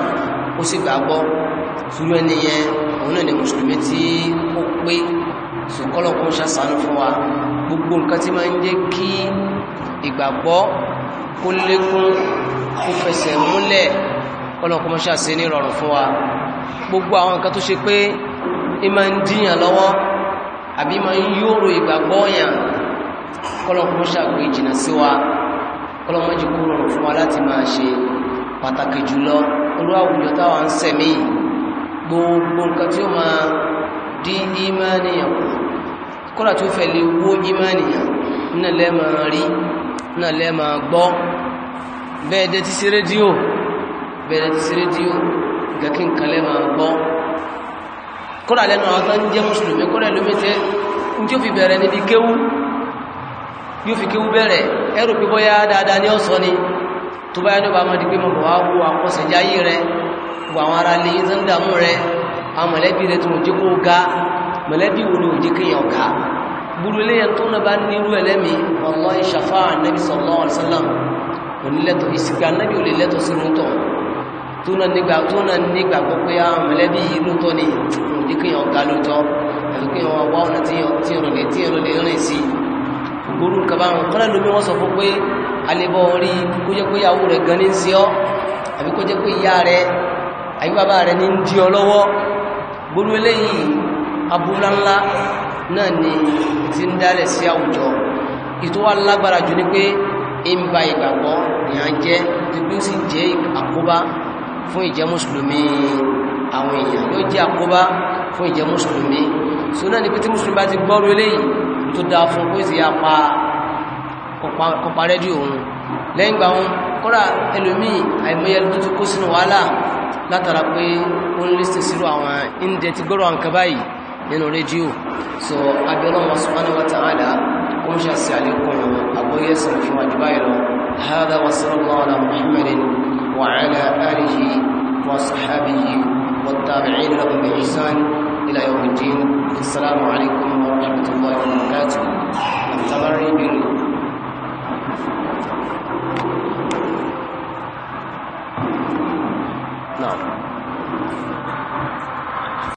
ó sì gbàgbọ́ sùúrù ẹni yẹn òun náà ni mùsùlùmí tí ó pé sùkọ́lọ̀ kó ń ṣàṣàánú fún wa gbogbo nǹkan tí máa ń jẹ́ kí ìgbàgbọ́ kó lékún kó fẹsẹ̀ múlẹ̀ kọ́lọ̀kọ́ mọ́ ṣàṣẹ ní ìrọ̀rùn fún wa gbogbo àwọn nǹkan tó ṣe pé ẹ ń díyàn lọ́wọ́ àbí máa yóòrò ìgbàgbọ́ yàn Kọlọ pé jìnà sí wa kọ́lọ̀mọ́jì kó rọrùn wa láti máa ṣe pàtàkì jùlọ olú àwùjọ táwa ń sẹ̀mí gbogbo nǹkan tí ó máa dí ìmánìyàn kọlọ tí ó fẹ́ lè wó ìmánìyàn náà lẹ́ẹ̀ máa rí náà lẹ́ẹ̀ máa gbọ́ bẹ́ẹ̀ ti sí rédíò bẹ̀rẹ̀ ti sí rédíò nǹkan kọlọ àwọn jẹ́ mùsùlùmí yóò fi kéwú bẹ̀rẹ̀ ẹrù pé bóyá dáadáa ni ó sọ ni tó báyá ní ọba máa di pé mọ̀ wá wo àkọsẹ̀jáyé rẹ wo àwọn ará ilé tó ń dààmú rẹ àwọn mọ̀lẹ́bí rẹ tó ń jẹ́ kó ga mọ̀lẹ́bí wo ló ń jẹ́ kéèyàn ga gbúrú iléyẹn tó náà bá nírú ẹlẹ́mì ọ̀lọ́ ìṣàfà ànábì sallallahu alaihi ni òun jẹ́ kéèyàn ga lóòótọ́ àti kéèyàn wá ọ̀nà tí ẹ̀rọ lè rìn gbórú kàbáwọn kọ́lẹ̀ lómi wọ́n sọ fún pé alẹ́bọ̀ orí kó jẹ́ pé ìyàwó rẹ̀ gan ní sí ọ́ àbí kó jẹ́ pé ìyá rẹ̀ àbí bàbá rẹ̀ ní dí ọ lọ́wọ́ gbórú eléyìí abúlá ńlá náà ni ti ń dálẹ̀ sí àwùjọ ìtò wá lágbára jù ní pé ń ba ìgbàgbọ́ ìyàn jẹ́ pípín sí jẹ́ àkóbá fún ìjẹ́ mùsùlùmí àwọn èèyàn yóò jẹ́ àkóbá fún ìjẹ́ mùsùlùmí so náà ni pé tí mùsùlùmí bá ti gbọ́rú eléyìí tó dáa fún kó sì yà pa kọpa rẹ́díò òun lẹ́yìn ìgbà òun kọ́ra ẹlòmíì àìmọye ló ti kó sínú wàhálà látara pé ó ń lè sèṣirò àwọn ìndẹ ti gbọ́rọ̀ àǹkà báyìí nínú rédíò so abẹ́lọ́wọ́ subhanahu wa ta'ala ó ń ṣàṣì àlékún àgbóyè sọ̀rọ̀ fún àjùbáyìí lọ هذا وصلى على محمد وعلى آله وصحابه والتابعين بإحسان إلى يوم الدين السلام عليكم ورحمة الله وبركاته التبري بال نعم